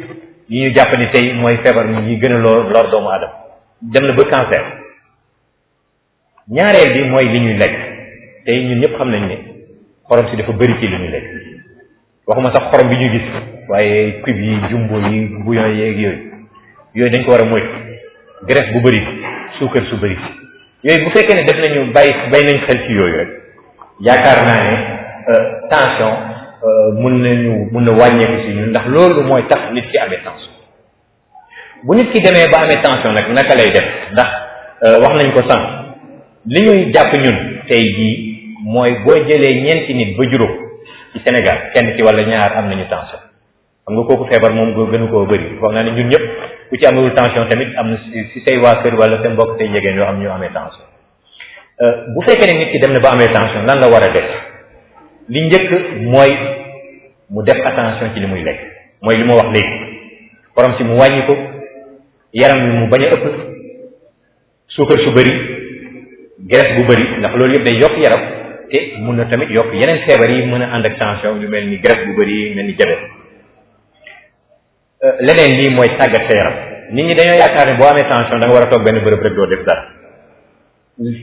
yi ñu jàpp ni tey mooy feebar yi gën a lor lor doomu aadama dem na ba cancer ñaareel bi mooy li ñuy lekk tey ñun ñëpp xam nañ ne xorom si dafa bëri ci li ñuy lekk waxuma sax xorom bi ñu gis waaye cube yi jumbo yi bouillon yeeg yooyu yooyu dañ ko war a moytu graisse bu bëri suukar su bëri yooyu bu fekkee ne def nañu bàyyi bay nañ xel ci yooyu rek yaakaar naa ne euh, tension euh, mun nañu mun na wàññeeku si ñun ndax loolu mooy tax nit ki amee tension bu nit ki demee ba amee tension nag naka lay def ndax euh, wax nañ ko sànq li ñuy jàpp ñun tey jii mooy boo jëlee ñeenti nit ba juróom ci Sénégal kenn ci wala ñaar am nañu tension xam nga kooku feebar moom goo gënu koo bëri foog naa ne ñun ñëpp ku ci amewul tension tamit am na si say waa kër wala seen mbokk say njegeen yoo am ñu amee tension euh, bu fekkee ne nit ki dem na ba amee tension lan la war a def li njëkk mooy mu def attention ci li muy lekk mooy li ma wax léegi yaram wi mu bañ a ëpp suukar su bëri graisse bu bari ndax loolu yëpp day yokk yaram te mun na tamit yokk yeneen feebar yi mën a ànd ak tension yu mel ni graisse bu bëri mel ni diabète euh, leneen lii mooy tàggat sa yaram nit ñi dañoo yaakaar ne boo amee tension da war a toog benn bërëb rek doo def dara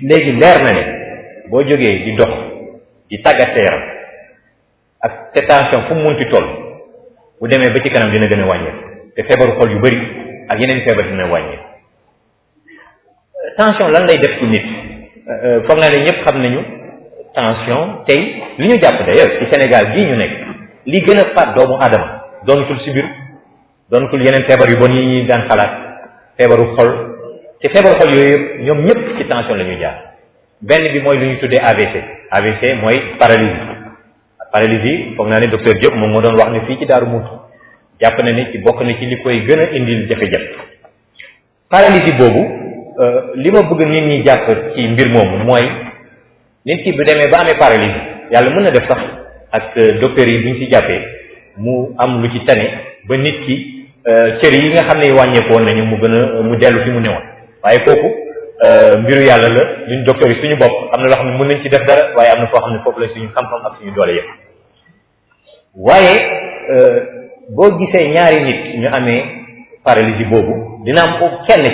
léegi leer na ne boo jógee di dox di tàggat sa yaram ak te tension fu mu munti toll bu demee ba ci kanam dina gën a wàññeeku te feebaru xol yu bëri ak yeneen feebar dina wàññeeku tension lan lay def ci nit euh, euh, foog naa ne ñëpp xam nañu tension tey li ñu jàpp d'ailleurs ci Sénégal gii ñu nekk li gën a faat doomu aadama doonatul sibir doonatul yeneen feebar yu bon yi ñuy daan xalaat feebaru xol te feebaru xol yooyu yëpp ñoom ñëpp ci tension la ñuy jaar benn bi mooy lu ñu tuddee AVC AVC mooy paralysie paralysie foog naa ne docteur Diop moom moo doon wax ne fii ci Daaru Muxti jàpp na ni ci bokk na ci li koy gën a indil jafe-jafe paralysie boobu euh, li ma bëgg nit ñi jàpp ci mbir moomu mooy nit ki bu demee ba amee paralysie yàlla mën na def sax ak euh, docteur yi bu ñu ci jàppee mu am lu ci tane ba nit ki euh, cër yi nga xam ne wàññeekoon nañu mu gën a mu dellu fi mu newoon waaye kooku mbiru yàlla la ñun docteur yi ñu bopp am na loo xam ne mën nañ ci def dara waaye am na foo xam ne foofu la suñu xam-xam ak suñu doole yëpp waaye boo gisee ñaari nit ñu amee paralysie boobu dina am kenn ci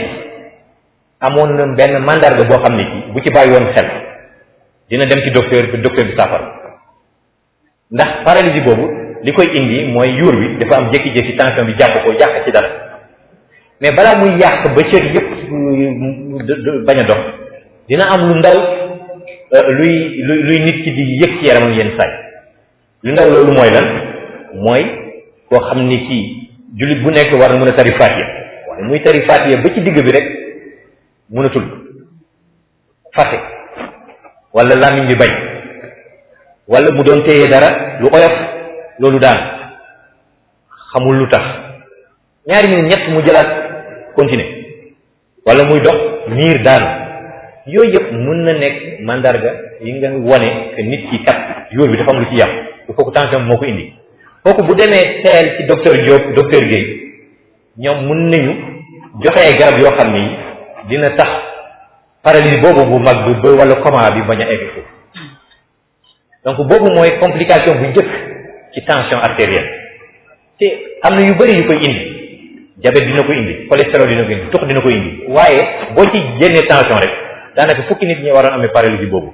amoon na benn màndarga boo xam ne ci bu ci bàyyi woon xel dina dem ci docteur bi docteur bi saafara ndax paralysie boobu li koy indi mooy yuur wi dafa am jékki-jékki tension bi jàpp ko yàq ci dara mais balaa muy yàq ba cër yëpp bañ a dox dina am lu ndaw euh, luy luy nit ki di yëg ci yaramam yenn saay lu ndaw loolu mooy lan mooy koo xam ni kii jullit bu nekk war na mun a tari fatiha waaye muy tari fatiha ba ci digg bi rek mënatul fàtte wala làmmiñ bi bañ wala mu doon téye dara lu oyof loolu daan xamul lu tax ñaari minute ñett mu jëlaat continuer wala muy dox niir daanu yooyu yëpp mën na nekk mandarga yi nga wane que nit ki kat yoon bi dafa am lu ci yàqu il faut que moo ko indi kooku bu demee teel ci docteur Diop docteur Guèye ñoom mun nañu joxe garab yoo xam ni dina tax paralysie boobu bu mag bu ba wala coma bi bañ a egg donc boobu mooy complication bu njëkk ci tension artérielle te am na yu bëri yu koy indi diabète dina ko indi cholestérol dina ko indi tux dina ko indi waaye boo ci génnee tension rek daanaka fukki nit ñi waroon amee paralysie boobu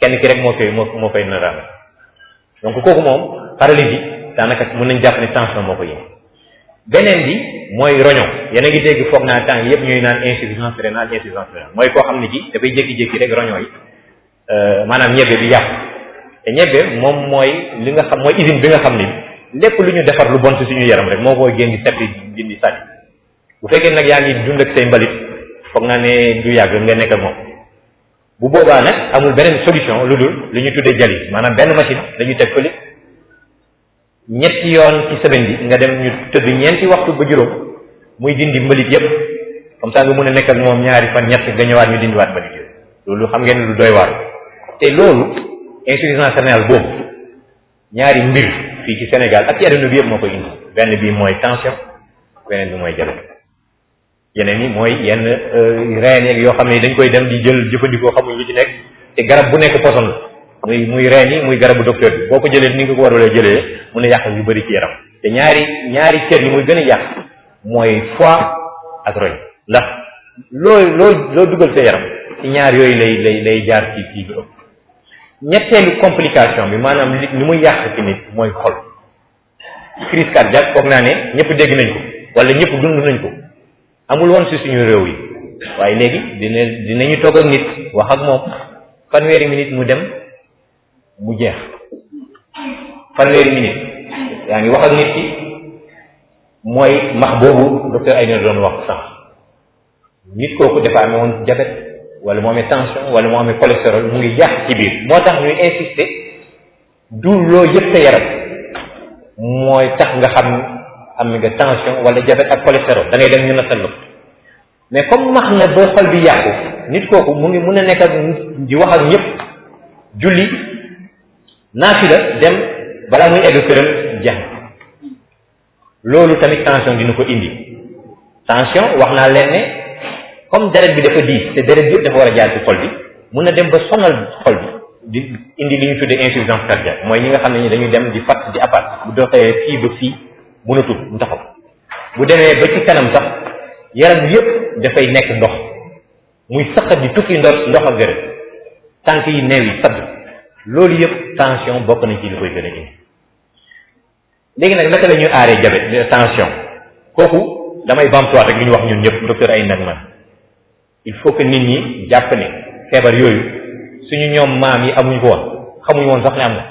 kenn ki rek moo koy moo moo koy naraan donc kooku moom paralysie daanaka mën nañ jàpp ne tension moo ko yéene beneen bi mooy roño yéen a ngi dégg foog naa temps yëpp ñuy naan insuffisance rénale insuffisance rénale mooy koo xam ne ji jékki-jékki rek euh, maanaam ñebe bi yàqu te moom mooy li nga xam mooy usine bi nga xam ni lépp lu ñu defar lu bon ci yaram rek moo ko génn seppi dindi sànni bu fekkee nag yaa ngi dund ak say mbalit foog naa ne du yàgg nga nekk ak moom bu boobaa nag amul beneen solution lu dul lu ñu tuddee jali maanaam benn machine la teg fële ñetti yoon ci semaine nga dem ñu tëdd ñeenti waxtu ba juróom muy dindi mbalit yépp comme ça nga mun a nekk ak moom ñaari fan ñett nga ñëwaat ñu dindiwaat mbalit yooyu loolu xam ngeen lu doy waar te loolu insuffisance rénale boobu ñaari mbir fii ci senegal ak ci àdduna bi yëpp moo koy indi benn bi mooy tension beneen bi mooy diabète yeneen yi mooy yenn euh, reen yoo xam ne dañ koy dem di jël jëfandikoo xamuñ lu ci nekk te garab bu nekk poson la muy muy reen yi muy garabu docteur bi boo ko jëlee ni nga ko war a jëlee mun a yàq yu bëri ci yaram te ñaari ñaari cër yi muy gën a yàq mooy foie ak roñ ndax loo loo loo dugal sa yaram ci ñaar yooyu lay lay lay jaar ci ci lu ñetteelu complication bi maanaam li li muy yàq ci nit mooy xol crise cardiaque foog naa ne ñëpp dégg nañ ko wala ñëpp dund nañ ko amul woon si suñu réew yi waaye léegi dina ñu toog ak nit wax ak moom fanweeri minute mu dem mu jeex fanweeri minute yaa ngi wax ak nit ki mooy max boobu docteur Aynour doon wax sax nit kooku dafa amee woon diabète wala mu amee tension wala mu amee cholestérol mu ngi jaax ci biir moo tax ñuy insister loo yëpp sa mooy tax nga xam am nga tension wala diabète ak cholestérol da dem ñu nattal ko mais comme max na ba xol bi yàqu nit kooku mu ngi mun a nekk ak di wax ak ñëpp julli. la dem balaa muy egg këram jeex loolu tamit tension dina ko indi tension wax naa leen ne comme deret bi dafa diis te deret bi yëpp dafa war a jaar ci xol bi mun na dem ba sonal xol bi di indi li ñu tuddee insuffisance cardiaque mooy ñi nga xam ne ñi dañuy dem di fatt di apat bu doxee fii ba fii mënatul mu taxaw bu demee ba ci kanam sax yaram yëpp dafay nekk ndox muy saqat di tukki ndox ndox ak gërëm tànk yi neew yi sadd loolu yëpp tension bokk na ci li koy gën indi léegi nag naka lañuy aare aaree jabet tension kooku damay bamtuwaat rek li ñu wax ñun ñëpp docteur ay nag man il faut que nit ñi jàpp ne feebar yooyu suñu ñoom maam yi amuñ ko woon xamuñ woon sax am na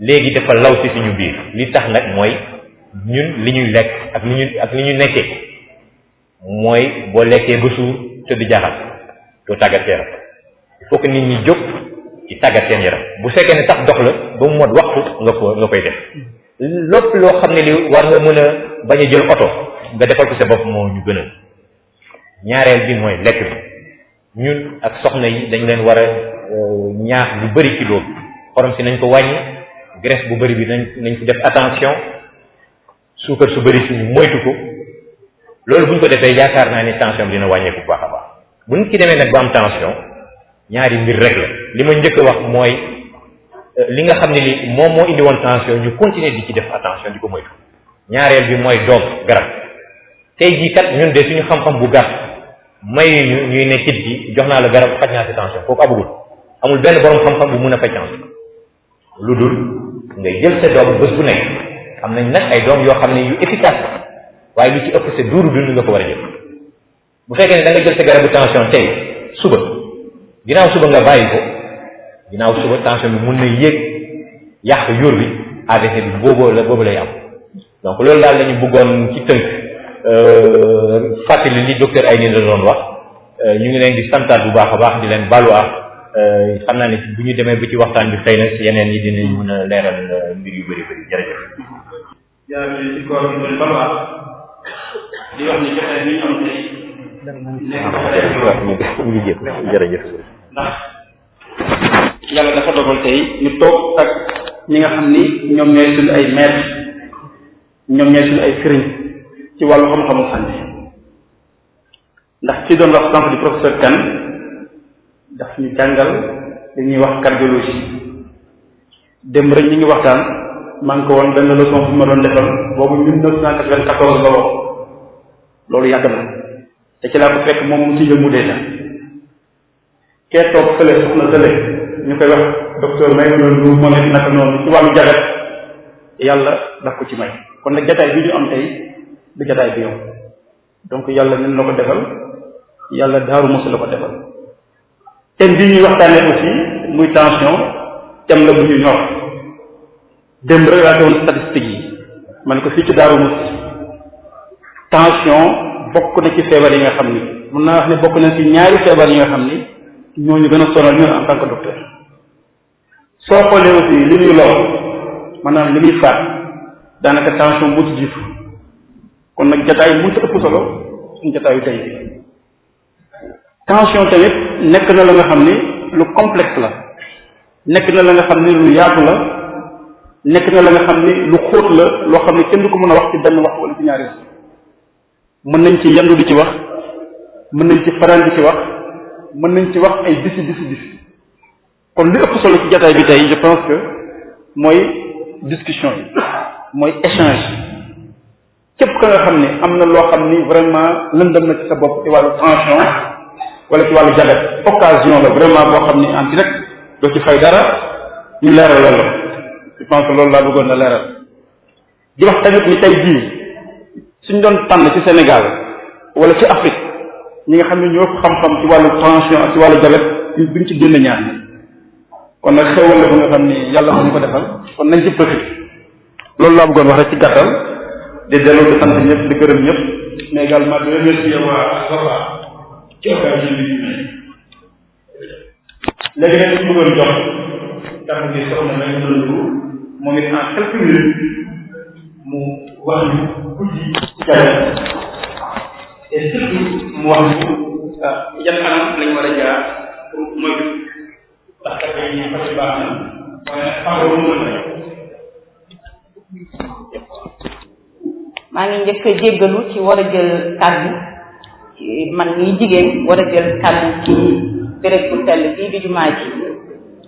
léegi dafa law ci suñu biir li tax nag mooy ñun li ñuy lekk ak li ñu ak li ñu nekkee mooy boo lekkee ba suur tëdd jaaxal doo tàggat yaram il faut que nit ñi jóg ci tàggat seen yaram bu fekkee ne sax dox la ba mu mot waxtu nga ko nga koy def lépp loo xam ne li war nga mën a bañ a jël oto nga defal ko sa bopp moo ñu gënal ñaareel bi mooy lekk bi ñun ak soxna yi dañ leen war a euh, ñaar lu bëri ci loolu xorom si nañ ko wàññi graisse bu bari bi nañ nañ ko def attention suukar su bari si moytu ko loolu bu ñu ko defee yaakaar naa ni tension bi dina wàññeeku baax a baax bu nit ki demee nag ba am tension ñaari mbir li ma njëkk a wax mooy euh, li nga xam ne li moom moo indi woon tension ñu continuer di ci def attention di ko moytu ñaareel bi mooy doom garab tey jii kat ñun de suñu xam-xam bu gàtt may ñu ñuy ne gi jox naa la garab faj naa si tension kooku abugul amul benn borom xam-xam bu mun a faj tension lu dul nga jël sa doom bés bu nekk am nañ nag ay doom yoo xam ne yu efficace waaye lu ci ëpp sa duuru dund nga ko war a jël bu fekkee ne da jël sa garabu suba ginnaaw suba nga bàyyi ko ginnaaw suba tension bi mun na yéeg yàq yór bi AVC bi la boobu lay am donc loolu daal la bëggoon ci tënk euh, fàttali li docteur Ayni la doon wax euh, ñu ngi leen di santaat bu baax a baax di leen baluwaat euh, xam naa ne bu ñu demee bi ci waxtaan bi xëy na yeneen yi dinañ mën a leeral mbir yu bëri bëri jërëjëf. yaa ngi ci yàlla dafa dogal tey ñu toog ak ñi nga xam ni ñoom ñooy suñu ay maître ñoom ñooy suñu ay sëriñ ci wàllu xam-xamu santé ndax ci doon wax sànq di professeur Kane daf ñu jàngal dañuy wax cardiologie dem rek ñu ngi waxtaan maa ngi ko woon benn leçon ma doon defal boobu mille neuf cent quatre-vingt-quatorze loolu yàgg na te ci laa ko fekk moom mu ci yëngu déjà kee toog fële soxna sële ñu koy wax docteur may moo nekk naka noonu ci wàllu ko ci may kon nag jataay bi ñu am tey du jataay bi yow donc yàlla nen la ko defal yàlla daaru mosu la ko defal thème la bu ñu ñor ko fii ci daaru mosu feebar yi nga xam ni mun naa wax ne bokk na ci ñaari feebar yi nga xam ni ñooñu gën a sonal ñun en tant que docteur soo xoolee aussi li ñuy lor maanaam li ñuy faat daanaka tension moo ci jiitu kon nag jataay bu ci ëpp solo suñu jataayu tey bi tension tamit nekk na la nga xam ni lu complexe la nekk na la nga xam ni lu yaatu la nekk na la nga xam ni lu xóot la loo xam ni kenn du ko mën a wax ci benn wax wala ci ñaari wax mën nañ ci yandu di ci wax mën nañ ci faral di ci wax mën nañ ci wax ay bisi bisi bisi kon li ëpp solo ci jataay bi tey je pense que mooy discussion yi mooy échange képp ka nga xam ni am na loo xam ni vraiment lëndam na ci sa bopp ci wàllu tension wala ci wàllu jabet occasion la vraiment boo xam ni en direct doo ci fay dara ñu leeral loolu je pense que loolu laa bëggoon na leeral di wax tamit ni tey jii suñ doon tànn ci Sénégal wala ci Afrique ñu nga xam ne ñoo xam-xam ci wàllu tension ak ci wàllu jabet duñ ci génn ñaar kon nag xewal la bu nga xam ni yàlla moo ñu ko defal kon nañ ci profité loolu laa bëggoon wax rek ci gàttal di delloo di sant ñëpp di gërëm ñëpp mais également di remercier waa Soxla ci occasion bi léegi mu wax ñu guddi jaay et surtout mu wax ñu ah, yan ma mën na maa ngi njëkk a jéggalu ci war a jël kàddu ci man mii jigéen war a jël kàddu ci béréb bu sell bii di jumaa ji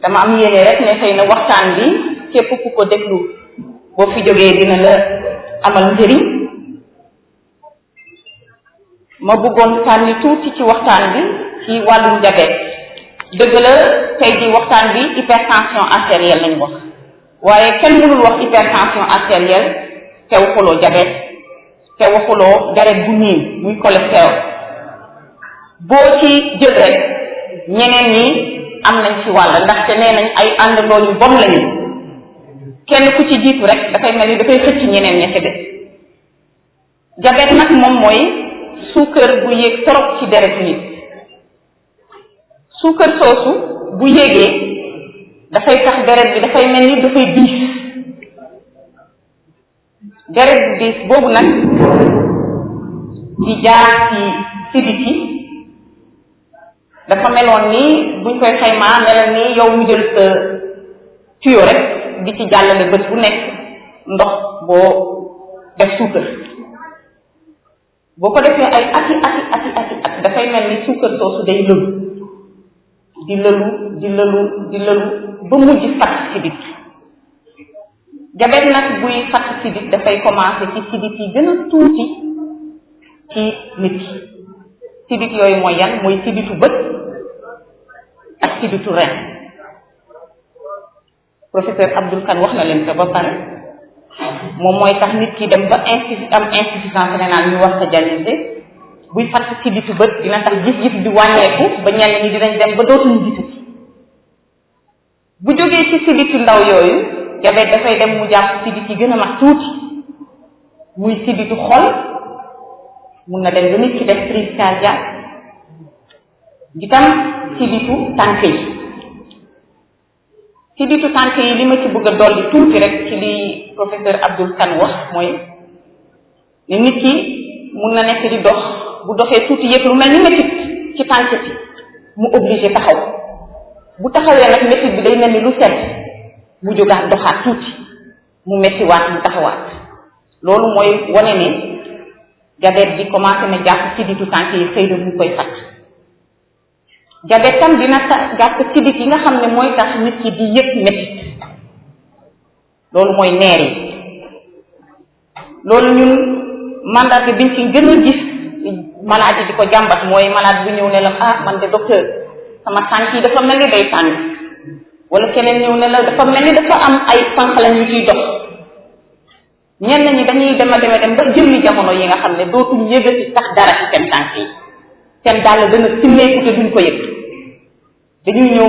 dama am yéene rek ne xëy na waxtaan bi képp ku ko déglu boo fi jógee dina la amal njëriñ ma bëggoon sànni tuuti ci waxtaan bi ci wàllum jabet dëgg la tey ji waxtaan bi hypertension artérielle lañ wax waaye kenn mënul wax hypertension artérielle te waxuloo diabète te waxuloo deret bu niin muy cholestérol boo ci jël ñeneen ñi am nañ ci wàll ndaxte nee nañ ay àndandoo ñu bon lañu kenn ku ci jiitu rek dafay mel ni dafay xëcc ñeneen ña ca des nag moom mooy suukar bu yéeg trop ci deret nit suukar soosu bu yéegee dafay tax deret bi dafay mel ni dafay diis deret bu diis boobu nag di jaar ci sidit yi dafa meloon ni buñ koy xaymaa melal ni yow mu jël sa tuyau rek di ci jàllale bët bu nekk ndox boo def suukar boo ko defee ay ati ati ati ati at dafay mel ni suukar soosu day lëlu di lëlu di lëlu di lëlu ba mujj fat sidit jabet nag buy fat sidit dafay commencé ci sidit yi gën a tuuti ci nit ki yooyu mooy yan mooy siditu bët ak siditu ren professeur Abdul Kan wax na leen ko ba pare moom mooy tax nit ki dem ba insuffisance am insuffisance rénale ñu war ko dialyser buy far sidditu bët dina tax gis-gis bi wàññeeku ba ñenn ñi dinañ dem ba dootuñu gisati bu jógee ci sidditu ndaw yooyu jabet dafay dem mu jàpp siddit yi gën a mag tuuti muy sidditu xol mun na dem ba nit ki def crise cardiaque itam sidditu tànk yi sidditu tànk yi li ma ci bëgg a dolli tuuti rek ci li professeur Abdul Kan wax mooy ne nit ki mun na nekk di dox bu doxee tuuti yëpp lu mel ni métit ci tànk bi mu obligé taxaw bu taxawee nag métit bi day mel ni lu sedd mu jógaat doxaat tuuti mu méttiwaat mu taxawaat loolu mooy wane ne jabet ji commencé na jàpp sidditu tànk yi xëy na mu koy faj jabet tam dina tax jàpp siddit yi nga xam ne mooy tax nit di yëg métit loolu mooy neer yi loolu ñun mandarga biñ ci gën a gis malade yi di ko jàmbat mooy malade bu ñëw ne la ah man de docteur sama tànk yi dafa mel ni day sànni wala keneen ñëw ne la dafa mel ni dafa am ay sànqalañ yu ciy dox ñenn ñi dañuy dema deme dem ba jëmmi jamono yi nga xam ne dootuñ yëgati sax dara ci seen tànk yi seen dàll dana simmeeku te duñ ko yëg dañuy ñëw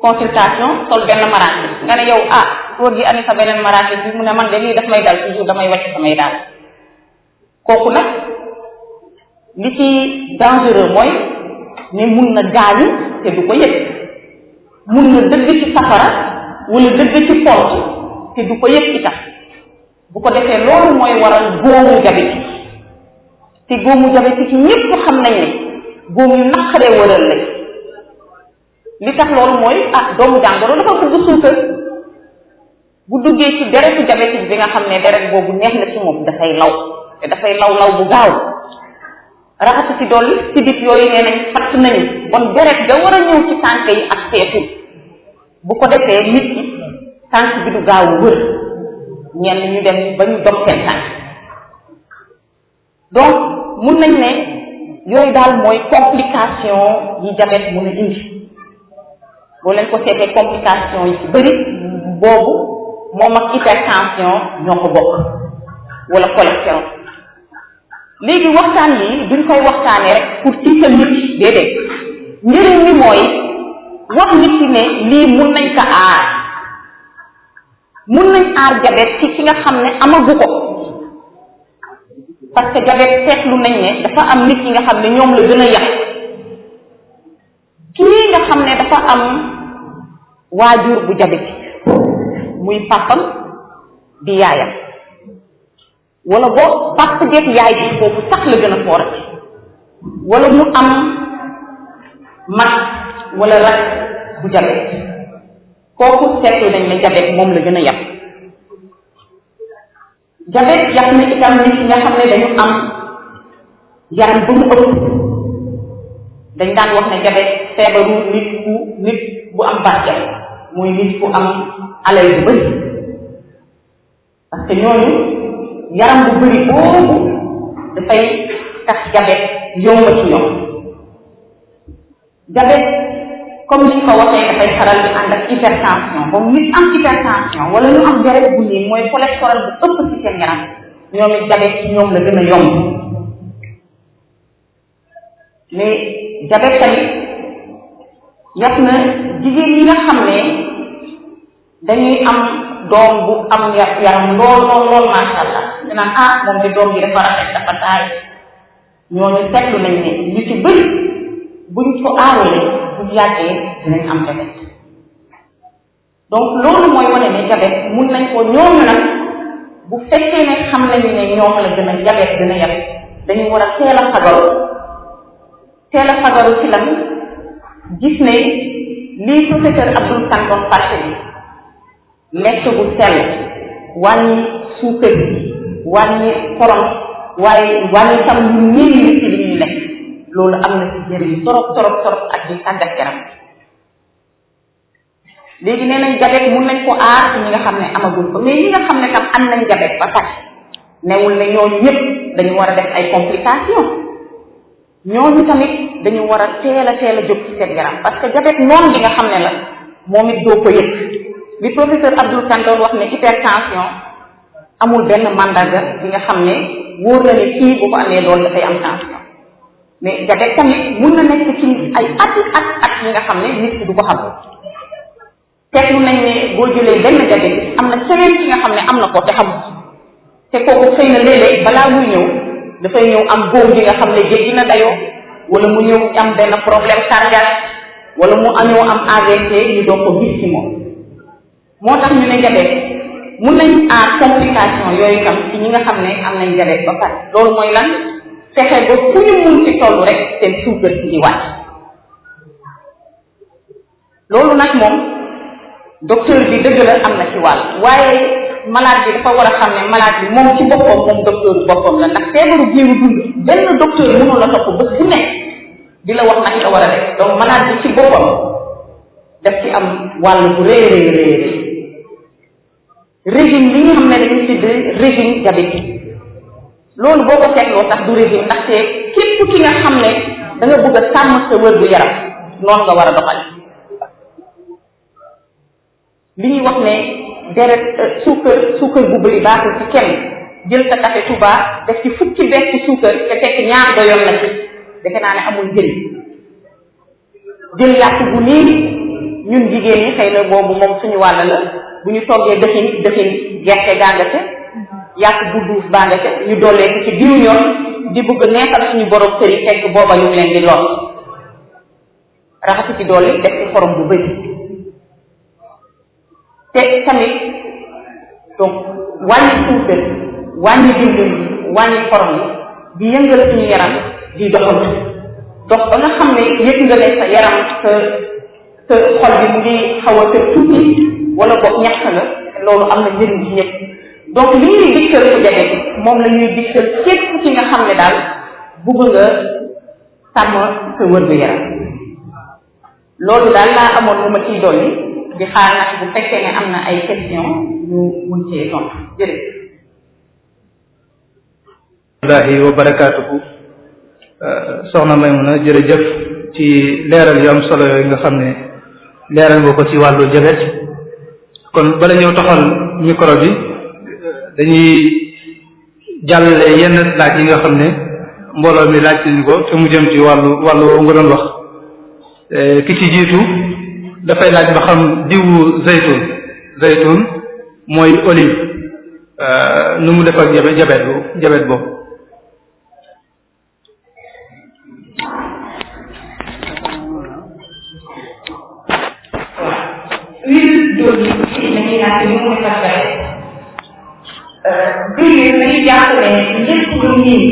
consultation sol benn maraakis nga ne yow ah góor gi ani sa beneen maraakis bi mu ne man de lii daf may dal toujours damay wàcc samay daal kooku li ci dangereux mooy ne mun na gaañu te du ko yëg mun na dëgg ci safara wala dëgg ci pont te du ko yëg ci tax bu ko defee loolu mooy waral góomu diabétique te góomu diabétique ñépp xam nañ ne góom yu naqaree wëral la li tax loolu mooy ah doomu jàngoro dafa bëgg suukar bu duggee ci deretu diabétique bi nga xam ne deret boobu neex na ci moom dafay law te dafay law law bu gaaw raxasu ci dolli sidit yooyu nee nañ fatt nañu bon deret ga war a ñëw ci tànk yi ak seetu bu ko defee nit ki tànk bi du gaaw wër ñenn ñu dem ba ñu dog seen donc mun nañ ne yooyu daal mooy complication yi jabet mun a indi boo leen ko seetee complication yi ci bëri boobu moom ak hypertension ñoo ko bokk wala cholestérol léegi waxtaan bi duñ koy waxtaanee rek pour tiital nit déedéet njëriñ li mooy wax nit ki ne lii mun nañ ko aar mun nañ aar jabet ci ki nga xam ne amagu ko parce que jabet seetlu nañ ne dafa am nit yi nga xam ne ñoom la gën a yàq kii nga xam ne dafa am waajur bu jabet muy papam di yaayam wala boo pàpp jeeg yaay bi foofu sax la gën a foorat wala mu am mag wala rak bu jabet kooku seetlu nañ ne jabet moom la gën a yàpp jabet yàpp na itam nit nga xam ne dañu am yaram ba mu ëpp dañ daan wax ne jabet feebaru nit ku nit bu am barke mooy nit ku am alal bëri parce que ñooñu yaram bu bëri boobu dafay tax jabet yomb ci ñoom jabet comme ni ko waxee dafay faral di ànd ak hypertension ba nit am hypertension wala ñu am jabet bu nii mooy cholestérol bu ëpp ci seen yaram ñoom it jabet ci ñoom la gën a yomb mais jabet tamit yàpp na jigéen yi nga xam ne dañuy am doom bu am yaram lool lool lool allah ñu naan ah, moom di doom ji dafa rafet dafa taay ñooñu seetlu nañ ne li ci bëri buñ ko aawalee bu yàggee dinañ am jabet donc loolu mooy wane ne jabet mun nañ ko ñooñu nag bu fekkee ne xam nañu ne ñoom la gën a jabet gën a war a teel fagaru teel fagaru ci gis ne lii professeur Abdul Kan doon fàtte bi lekk bu sell wàññi suukar bi wàññi xorom waaye wàññi tam lu néew yi ci lekk loolu am na ci njëriñ torop torop torop ak di tàggat yaram léegi nee nañ jabet mun nañ ko aar ci ñi nga xam ne amagul mais ñi nga xam ne tam am nañ jabet ba tax newul ne ñooñu ñëpp dañu war a def ay complication ñooñu tamit dañu war a teel a teel jóg ci seen yaram parce que jabet noonu bi nga xam ne la moom it doo ko yëg li professeur Abdoul Kane doon wax ne hypertension amul benn mandarga bi nga xam ne wóor na ne kii bu ko amee loolu dafay am tension mais diabète tamit mun na nekk ci ay ati at at yi nga xam ne nit ki du ko xam teetlu nañ ne boo jëlee benn am na keneen ki nga xam ne am na ko te xamul te kooku xëy na léeg balaa muy ñëw dafay ñëw am góom bi nga xam ne jéggi na dayoo wala mu ñëw am benn problème cardiaque wala mu añoo am AVC ñu doog ko gis ci moom moo tax ñu ne njabeet mun nañ aar complication yooyu tam ci ñi nga xam ne am nañ njabeet ba pare loolu mooy lan fexe ba fu ñu mun ci toll rek seen suukar si wàcc loolu nag moom docteur bi dëgg la am na ci wàll waaye malade bi dafa war a xam ne malade bi moom ci boppam moom docteur bi boppam la ndax feebaru biiru dund benn docteur mënu la topp bés bu nekk di la wax nag la war a def donc malade bi ci boppam daf ci am wàll bu rëy rëy rëy régime bi nga xam ne dañu tudd régime diabétique loolu boo ko seetloo sax du régime ndaxte képp ki nga xam ne da nga sàmm sa wér gu yaram noonu nga war a doxal li ñuy wax ne deret euh, suukar suukar bu bëri baaxul ci kenn jël sa café Touba def ci fukki bees ci suukar te fekk ñaar doyoon na ci defe amul njëriñ jël yàpp bu nii ñun jigéen ñi xëy na boobu moom suñu wàll la bu ñu toggee dëxin dëxin gerte gaa nga ca yàq bu duuf baa nga ca ñu doolee ci biir di bëgg neexal suñu borom kër yi fekk booba ñu leen di lool raxasu ci doole def ci xorom bu bëri te tamit donc wàññi suukar wàññi diwlin wàññi xorom yi di yëngal suñu yaram di doxal dox ba nga xam ne yëg nga ne sa yaram sa te xol bi mu ngi xaw a tëb tuuti wala boog ñàkk na loolu am na njëriñ ci ñëpp donc li la ñuy nga xam ne daal bugg nga sàmm sa wër-gu-yaram loolu daal laa amoon lu ma ciy dolli di xaar nag bu fekkee ne am na ay question ñu mun cee tontu jërëjëf wallaahi wa barakaatuhu euh, soxna Maymuna jërëjëf ci leeral yu solo yooyu nga xam ne leeral nga ko ci wàllu jabet kon bala ñëw toxal micro bi dañuy jàllale yenn laaj yi nga xam ne mbooloo mi laaj nañ ko te mu jëm ci wàllu wàllu woo nga doon wax e, ki ci jiitu dafay laaj ba xam diwu zaytun zaytun mooy olive e, nu mu def ak jabet jabet boobu jullit yi dañuy naan ñu muy fasare jullit yi dañuy jàpp ne lépp lu ñuy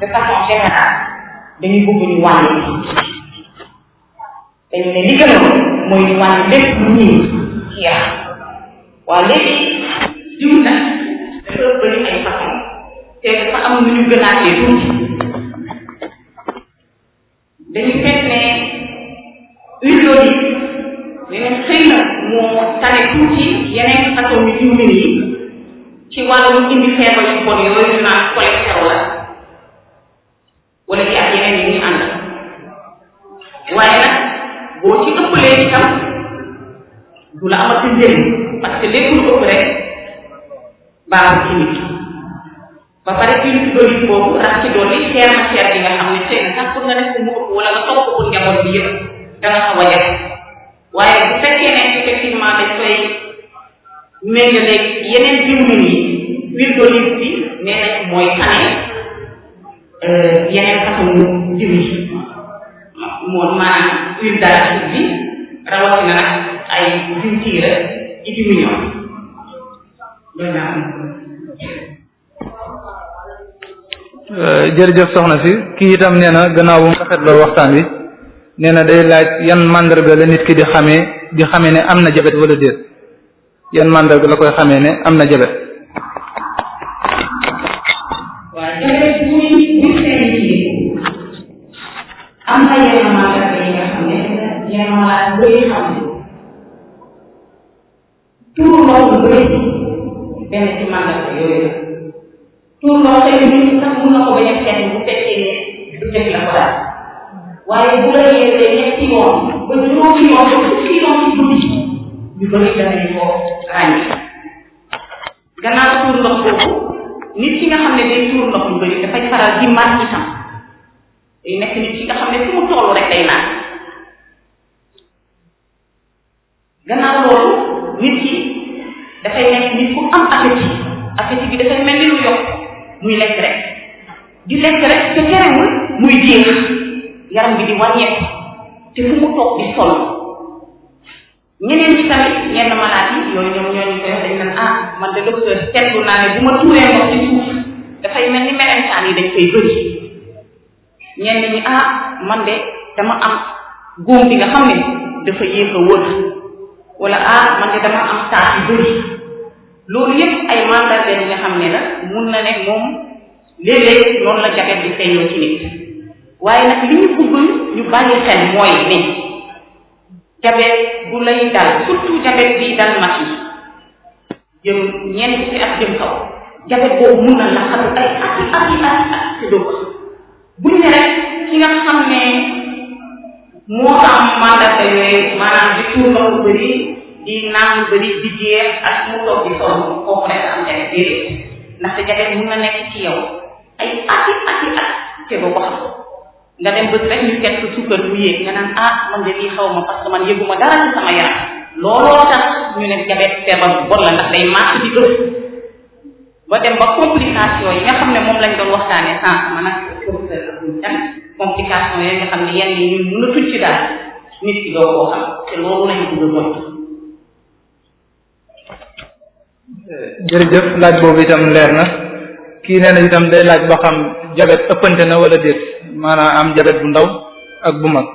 de façon générale dañuy bëgg ñu wàññi dañu ne li gënoon mooy ñu wàññi lépp lu ñuy xiir waaye léegi jiw nag dafa bëri ay façon te dafa am lu ñu gënaatee tuuti dañu fekk ne huile d'olive ñu ne xëy na moo tane tuuti yeneen façon yu diwlin yi ci wàllum indi feebar yu bon yooyu ñu naan la wala ci ak yeneen yi ñuy ànd waaye nag boo ci ëppalee itam du la amati njëriñ parce que lépp lu ëpp rek baaxul ci nit ba pare ci nit doon boobu rax ci doon li cher na cher bi nga xam ne xëy na nga def ko mu ëpp nga toog ko pour njaboot bi danga xaw a jafe waaye bu fekkee souvent dañ koy méngale yeneen jëmm yi virgolise bi nee nañ mooy xane euh, yeneen façon jiw moom maanaam huile d'arachide bi rawatina nag ay diwtiira ci diminution loolu laa am euh, soxna si kii itam nee na gannaaw bu mu rafetloo waxtaan wi nee na day laaj yan mandarga la nit ki di xamee di xamee ne am na jabet wala déet yan mandarga la koy xamee ne am na jabet. am na yi nga xam ne yenn mandarga yi xam ne tuur loolu bëri benn ci mandarga xeex bu du def la ko daal waaye bu la yeewee ñetti yoon ba juróomi yoon ba fukki yoon ci guddi ñu bëri danañ ko ràññee gannaaw tuur ndox nit ki nga xam ne day tuur ndox lu bëri dafay faral di mar itam day nekk nit ki nga xam ne fu mu toll rek day naan gannaaw loolu nit ki dafay nekk nit ku am appétit appétit bi dafay mel ni lu yokk muy lekk rek di lekk rek te terewul muy jeex yaram bi di wàññeeku te fu mu toog di sol ñeneen ñi tamit yenn maladies yi yooyu ñoom ñooñu koy wax dañ naan ah, ne bu ma tuuree ndox ci suuf dafay mel ni melentaan yi dañ koy bëri ñenn ñi ah man de dama am góom bi nga xam ne dafa yéex a wër wala ah man de dama am taat yu bëri loolu yëpp ay mandarga yi nga xam ne la mun na ne moom léeg-léeg la jagat di feeñoo ci nit waaye nag li ñu bëgg ñu bàyyi xel mooy ne jabet bu lay dal surtout jabet bii dal mag yi jëm ñenn ci ak jëm kaw jabet boobu mun na la xam ay ati ati ati ati te doo wax buñ di naan bëri di ak mu toog di sonn kooku rek am jabet déedéet ndaxte jabet mun na nekk ci yow ay ati ati ati te doo ko xam nga dem bés rek ñu teg suukar bu yéeg nga naan ah man de lii xaw ma parce man yëguma dara ci sama yaram looloo tax ñu ne diabète feebar bu bon la ndax day màcc di gëstu ba dem ba complication yi nga xam ne moom lañ doon waxtaanee sànq ma nag complication yooyu nga xam ne yenn yi ñun mënatuñ ci daal nit ki doo koo xam te loolu lañu bëgg a moytu. jërëjëf laaj boobu itam leer na kii nee na itam day laaj ba xam diabète ëppante na wala déet. maanaam am jabet bu ndaw ak bu mag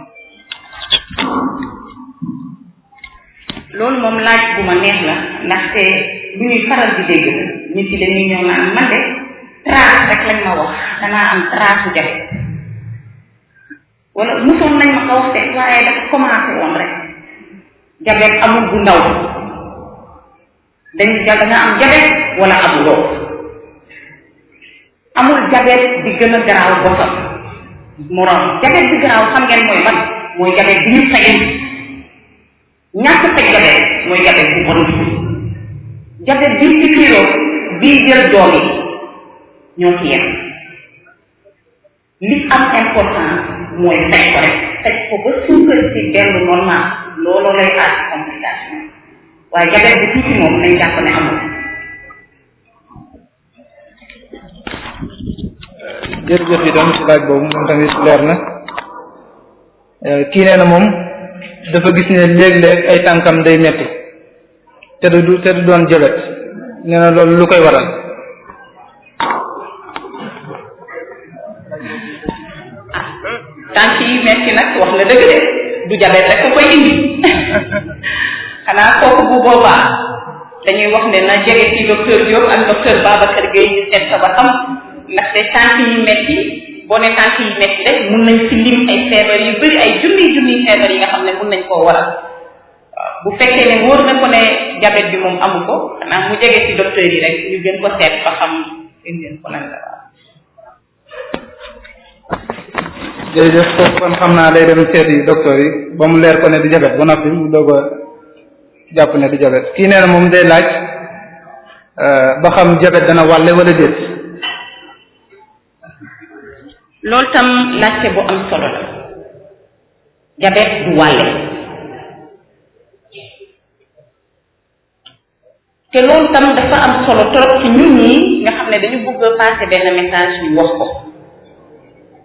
loolu moom laaj bu ma neex la ndaxte bu ñuy faral di dégg nit yi dañuy ñëw naan man de trace rek lañ ma wax danaa am trace u jabet wala mosoon nañ ma ko wax waaye dafa commencé woon rek jabet amul bu ndaw dañ da nga am jabet wala amuloo amul jabet di gën a garaaw boppam moroom jabet bi garaaw xam ngeen mooy ban mooy jabet bi ñu fajul ñàkk faj jabet mooy jabet bi bonul jabet bii ci kiiroo bii jël doom ñoo ci yem li am important mooy faj ko rek faj ko ba suukar si dellu normal looloo lay aar complication waaye jabet bi tuuti moom nañ jàpp ne amul jërëjëf yi doon ci laaj boobu moom tamit leer na euh, kii nee na moom dafa gis ne léeg-léeg ay tànkam day metti te du te du doon jabet nee na loolu lu koy waral tànk yi metti nag wax nga dëgg de du jabet rek ko koy indi xanaa kooku bu boobaa dañuy wax ne na jege ci docteur Diop ak docteur Babacar Gueye ñu seet ndaxte tànk yu metti boo ne yu metti rek mun nañ ci lim ay feebar yu bëri ay junniy junniy feebar yi nga xam ne mun nañ koo waral bu fekkee ne wóor na ko ne diabète bi moom amu ko xanaa mu xam naa day dem seet ba mu leer ko ne di diabète jàpp ne du diabète kii nee na moom day laaj euh, ba xam diabète dana wàlle wala déet loolu tam laajte bu am solo la jabet du wàlle te loolu tam dafa am solo trop ci ñun ñi nga xam ne dañu bëgg a passer benn message ñu wax ko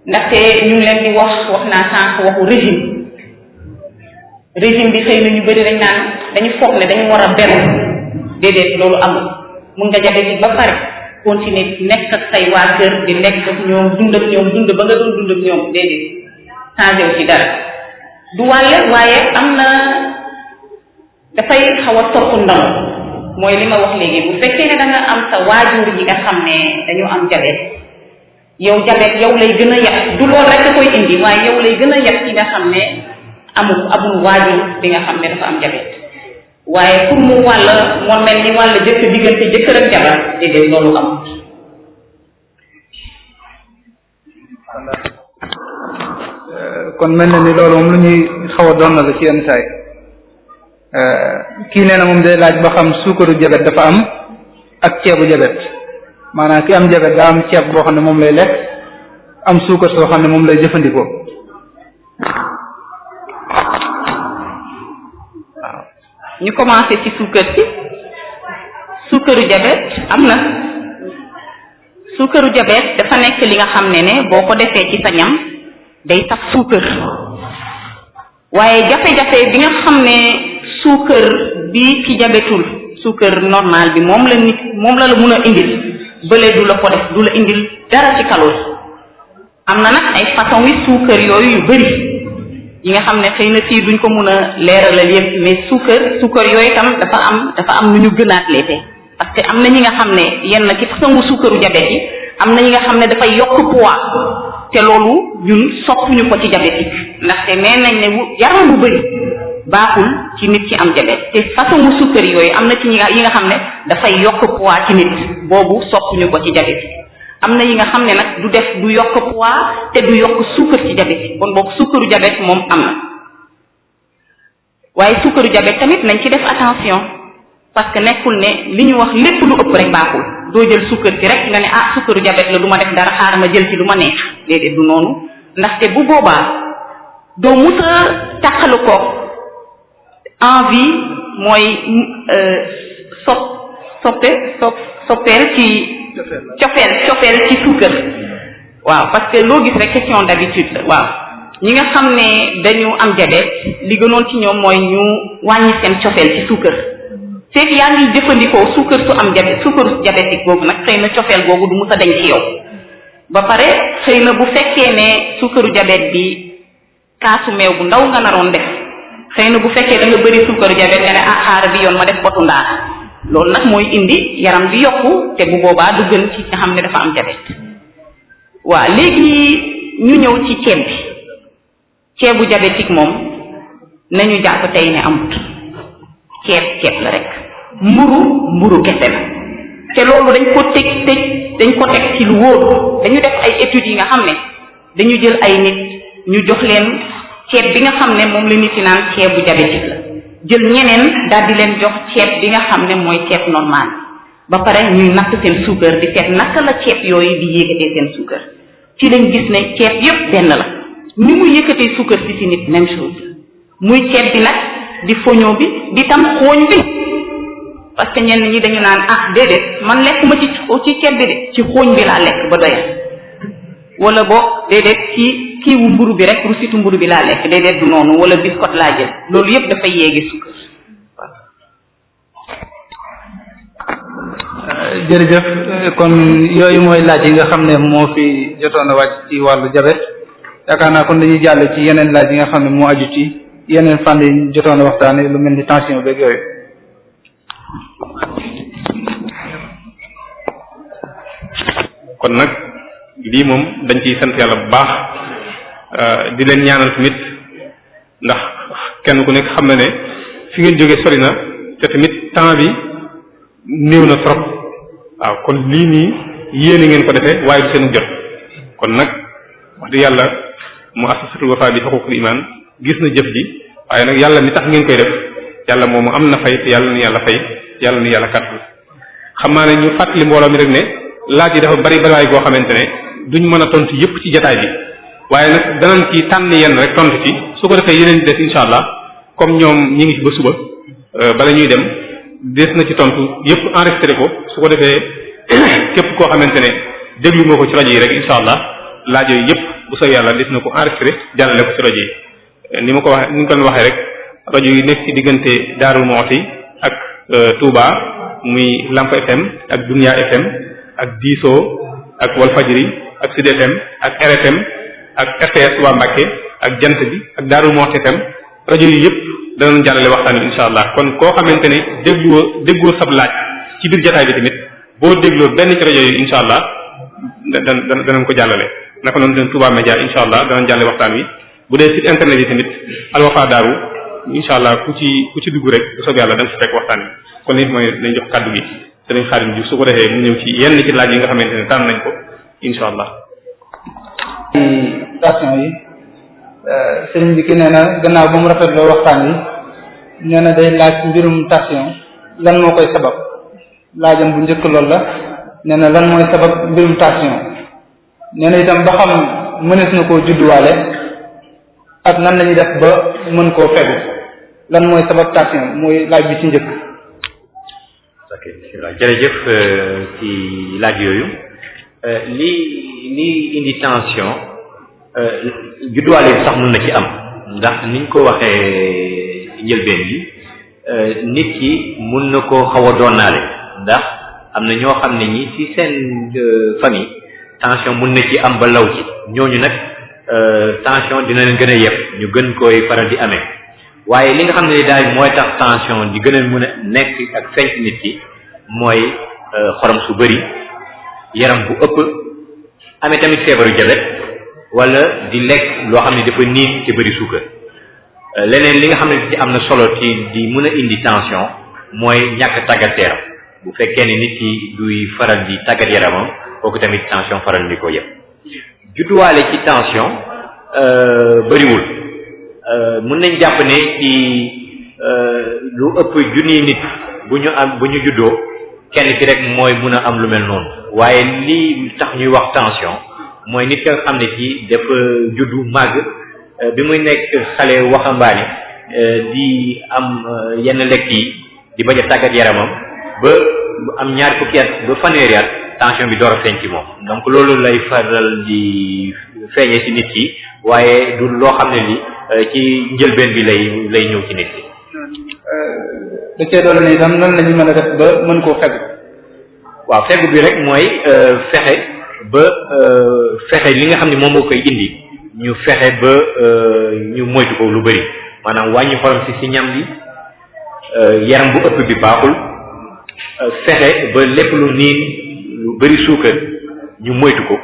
ndaxte ñu leen di wax wax naa sànq waxu régime régime bi xëy na ñu bëri dañ naan dañu foog ne dañu war a benn déedéet loolu amul mun nga jabet yi ba pare continuer nekk ak say waa kër di nekk ak ñoom dund ñoom dund ba nga doon dund ak ñoom déedéet changé wu ci dara du wàlle waaye am na dafay xaw a topp mooy li ma wax léegi bu fekkee ne da nga am sa waajur yi nga xam ne dañu am jabet yow jabet yow lay gën a yàq du lool rek koy indi waaye yow lay gën a yàq ci nga xam ne amul amul waajur bi nga xam ne dafa am jabet waaye pour mu wàll moo mel ni wàll jëkk diggante jëkkër ak jabar déedéet loolu am kon mel na ni loolu moom lu ñuy xaw doon na la ci yenn saay eh, kii nee na moom day laaj ba xam suukaru jabet dafa am ak ceebu jabet maanaam ki am jabet daa am ceeb boo xam ne moom lay lekk am suukar soo xam ne moom lay jëfandikoo ñu commencé ci suukar si suukaru jabet am na suukaru jabet dafa nekk li nga xam ne ne boo ko defee ci sa ñam day tax suukar waaye jafe-jafe bi nga xam ne suukar bi ki jabetul suukar normal bi moom la nit moom la la mun a indil bële du la ko def du la indil dara ci calorie am na nag ay façon wi suukar yooyu yu bari yi nga xam ne xëy na fii ñu ko mun a leeralal yépp mais suukar suukar yooyu tam dafa am dafa am nu ñu gënaat leete parce que am na ñi nga xam ne yenn ki sangu suukaru diabète am na ñi nga xam ne dafay yokk poids te loolu ñun soppuñu ko ci diabétique ndaxte nee nañ ne yaram bu bëri baaxul ci nit ci am diabète te façon suukar yooyu am na ci ñi yi nga xam ne dafay yokk poids ci nit boobu soppuñu ko ci diabétique am na yi nga xam ne nag du def du yokk poids te du yokk suukar ci diabète yi kon boog suukaru diabète moom am na waaye suukaru diabète tamit nañ ci def attention parce que nekkul ne li ñu wax lépp lu ëpp rek baaxul doo jël suukar ci rek nga ne ah suukaru diabète la du ma def dara xaar ma jël ci lu ma neex déedéet du noonu ndaxte bu boobaa doo mus a tàqalu ko envie mooy euh, sopp soppe so soppeel ci cofeel cofeel ci suukar waaw parce que loo gis rek question d'habitude waaw ñi nga xam ne dañu am diabète li gënoon ci ñoom mooy ñu wàññi seen cofeel ci suukar feeg yaa ngi jëfandikoo suukar su am diabète suukar diabétique boobu nag xëy na cofeel googu du mus a dañ yow ba pare xëy na bu fekkee ne suukaru diabète bi kaasu meew bu ndaw nga naroon def xëy na bu fekkee da nga bëri suukaru diabète nga ne ah xaar bi yoon ma def potu ndaar loolu nag mooy indi yaram bi yokku te bu boobaa du gën ci nga xam ne dafa am jabet waa léegi ñu ñëw ci ceeb bi ceebu diabétique moom nañu jàpp tey ne amut ceeb ceeb la rek mburu mburu kese la te loolu dañ ko teg teg dañ ko teg ci lu wóor dañu def ay études yi nga xam ne dañu jël ay nit ñu jox leen ceeb bi nga xam ne moom la nit ci naan ceebu diabétique la jël ñeneen daal di leen jox ceeb bi nga xam ne mooy ceeb normal ba pare ñuy natt seen suukar di seet naka la ceeb yooyu di yéegatee seen suukar ci lañ gis ne ceeb yépp benn la ni muy yëkkatee suukar si ci nit même chose muy ceeb bi nag di foño bi di tam xooñ bi parce que ñenn ñi dañu naan ah déedéet man lekk ma ci ci ceeb bi de ci xooñ bi laa lekk ba doyal wala boo déedéet ci kiiwu mburu bi rek rusitu bi laa wala biscotte laa jël loolu yépp dafay yéege kon yooyu mooy laaj yi nga xam ne moo fi ci wàllu jabet yaakaar naa kon dañuy jàll ci yeneen laaj yi nga xam ne moo aju ci yeneen fànn yi jotoon a waxtaane lu mel ni tension beeg yooyu kon nag lii moom dañ ciy sant yàlla bu baax Euh, di leen ñaanal tamit ndax kenn ku nekk xam na ne fi ngeen jóge sori na te tamit temps bi néew na trop waaw kon lii nii yéene ngeen ko defee waaye du seen jot kon nag wax dëgg yàlla mu asasatul wafa bi xuququl iman gis na jëf ji waaye nag yàlla mi tax ngeen koy def yàlla moomu am na fay te yàlla nu yàlla fay yàlla nu yàlla kàttan xam naa ne ñu fàttali mbooloo mi rek ne laaj yi dafa bari balaay goo xamante ne duñ mën a tontu yépp ci jataay bi waaye nag danañ ci tànn yenn rek tontu ci su ko defee yeneen des incha allah comme ñoom ñi ngi ci ba suba euh, bala ñuy dem des na ci tontu yépp enregistré ko su ko defee képp koo xamante ne déglu nga ko ci rajo yi rek incha allah laajo yi yépp bu soobee yàlla des na ko enregistré jàllale ko ci rajo yi euh, ni ma ko waxee ni ma ko waxee rek rajo yi nekk ci diggante Darou Moukhty ak euh, Touba. muy Lamp FM ak Dunia FM ak Diso ak Walfajri ak Sud FM ak RFM ak RTS waa Mbacke ak jant bi ak Darou Moukhty FM rajo yi yëpp danañ jàllale waxtaan bi insha allah kon koo xamante ne déggoo déggoo sab laaj ci biir jataay bi tamit boo dégloo benn ci rajo yi insha allah dana danañ ko jàllale naka noonu den Touba Média insha allah danañ jàllale waxtaan wi bu dee site internet yi tamit Al Wafa Darou insha allah ku ci ku ci dugg rek bu soobee yàlla da nga ci fekk kon léegi mooy dañ jox kàddu gi sëriñ Xaadim ji su ko defee mu ñëw ci yenn laaj yi nga xamante ne tànn nañ ko insha allah question yi euh, sëriñ bi ki nee gannaaw ba mu rafetloo waxtaan yi nee na day laaj mbirum tension lan moo koy sabab laajam bu njëkk lool la nee na lan mooy sabab mbirum tension nee na itam ba xam mënees na koo judduwaale ak nan la def ba mën koo fegu lan mooy sabab tension mooy laaj bi ci njëkk. ok jërëjëf euh, ci laaj yooyu. Euh, lii lii indi tension judduwaale euh, bi sax mën na ci am ndax niñ ko waxee njëlbeen yi euh, nit ki mën na koo xaw a doonaale ndax am na ñoo xam ne ñi ci seen famille tension mën na ci am ba law ci ñooñu nag tension dina leen gën a yeb ñu gën koy faral di amee waaye li nga xam ne daal mooy tax tension di gën a mën a nekk ak feeñ nit ki mooy xorom su bari yaram bu ëpp amee tamit feebaru jabet wala di lekk loo xam ne dafa niin te bëri suukar euh, leneen li nga xam ne ci am na solo ci di mën a indi tension mooy ñàkk tàggat yaram bu fekkee ne nit ki duy faral di tàggat yaramam kooku tamit tension faral di ko yëpp judduwaale ci tension euh, bëriwul euh, mën nañ jàpp ne ci lu ëpp junniy nit bu ñu am bu ñu juddoo kenn ki rek mooy mun a am lu mel noonu waaye lii tax ñuy wax tension mooy nit ka nga xam ne kii dafa juddu màgg euh, bi muy nekk xale waxambaane euh, di am euh, yenn lekk yi di bañ a tàggat yaramam ba am ñaar fukki at ba fanweeri at tension bi door a feeñ ci moom donc loolu lay faral di feeñee ci nit ki waaye du loo xam ne li ci njëlbeen bi lay lay ñëw ci nit ki da cee doole ne itam nan la ñu mën a def ba mën koo fegu waaw fegu bi rek mooy euh, fexe ba euh, fexe li nga xam ne moom moo koy indi ñu fexe ba euh, ñu moytu ko lu bari maanaam wàññi xorom si si ñam bi yaram bu ëpp bi baaxul fexe ba lépp lu niin lu bari suukar ñu moytu ko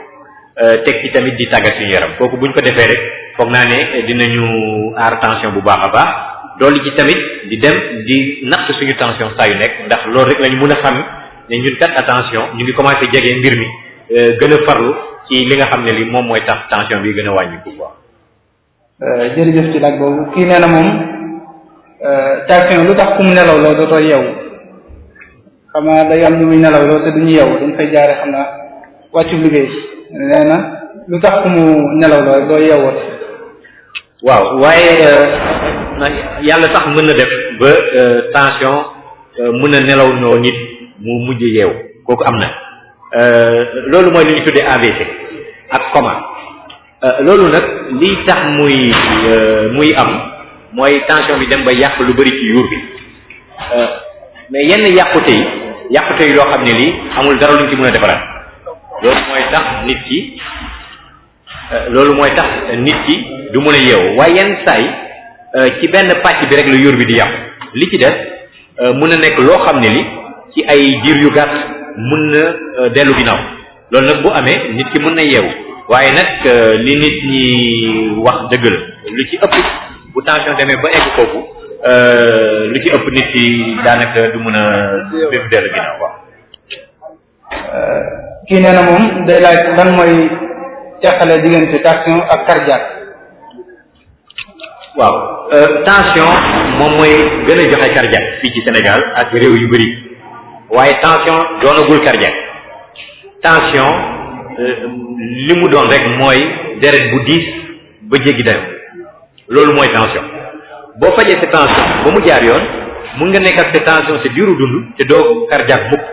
teg ci tamit di tàggat ñu yaram kooku buñ ko defee rek foog naa ne dinañu aar tension bu baax a baax dolli ci tamit di dem di naq suñu tension saa yu nekk ndax loolu rek lañu mën a xam ne ñun kat attention ñu ngi commencé jege mbir mi euh, gën a farlu ci li nga xam ne li moom mooy tax tension bi gën a wàññi bu quoi. Euh, jërëjëf ci laaj boobu kii nee na moom euh, tension lu tax ku mu nelaw loo dootoo yeewu xam naa day am lu muy nelaw loo te na lu nelaw loo doo yeewoo. waaw waaye yàlla sax mën na def ba euh, tension euh, mën a nelaw noo nit mu mujj yeew kooku am na euh, loolu mooy li ñu tuddee AVC ak coma loolu nag liy tax muy muy am mooy tension bi dem ba yàq lu bari ci yuur bi mais yenn yàqute yi yàqute yi loo xam ne lii amul dara luñ ci mën a defaraat loolu mooy tax nit ki loolu mooy tax nit ki du mën a yeewu waaye yenn saay Euh, ci benn pàcc bi rek la yór bi di yàpp li ci def euh, mën na nekk loo xam ne li ci ay diir yu gàtt mën na euh, dellu ginnaaw loolu nag bu amee nit ki mun na yeewu waaye nag li nit ñi wax dëgg la lu ci ëpp bu tension demee ba egg foofu lu ci ëpp nit ki daanaka du mën a bépp dellu ginnaaw waaw kii nee na moom day laaj lan mooy teqale diggante tension ak cardiaque waaw euh, tension moom mooy gën a joxe cardiaque fii ci Sénégal ak réew yu bëri waaye tension doonagul cardiaque tension euh, li mu doon rek mooy deret bu diis ba jéggi dayo loolu mooy tension boo fajee sa tension ba mu jaar yoon mun nga nekk ak sa tension sa diiru dund te doo cardiaque mukk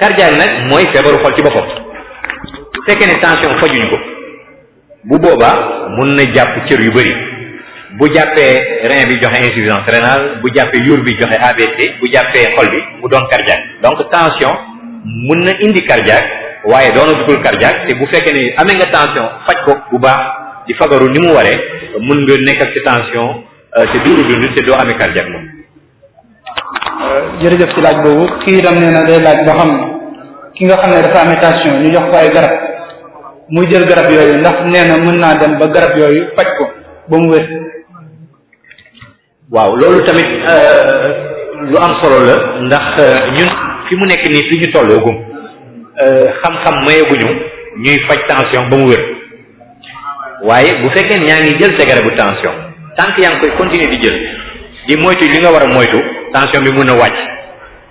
cardiaque nag mooy feebaru xol ci boppam su fekkee ne tension fajuñu ko bu boobaa mun na jàpp cër yu bëri bu jàppee rein bi joxe insuffisance rénale bu jàppee yur bi joxe AVC bu jàppee xol bi mu doon cardiaque donc tension mun na indi cardiaque waaye doonatul cardiaque te bu fekkee ne amee nga tension faj ko bu baax di fagaru ni mu waree mun nga nekk ak tension te euh, duuru dund te doo amee cardiaque moom. Euh, jërëjëf ci laaj boobu kii itam nee na day laaj boo xam ki nga xam ne dafa amee tension ñu jox ko ay garab muy jël garab yooyu ndax nee na mën naa dem ba garab yooyu faj ko ba mu wér waaw loolu tamit euh, lu am solo la ndax euh, ñun fi mu nekk nii fi ñu tolloogum euh, xam-xam mayeguñu ñuy faj tension ba mu wér waaye bu fekkee ñaa ngi jël sa garabu tension tant que yaa ngi koy continuer di jël di moytu li nga war a moytu tension bi mën a wàcc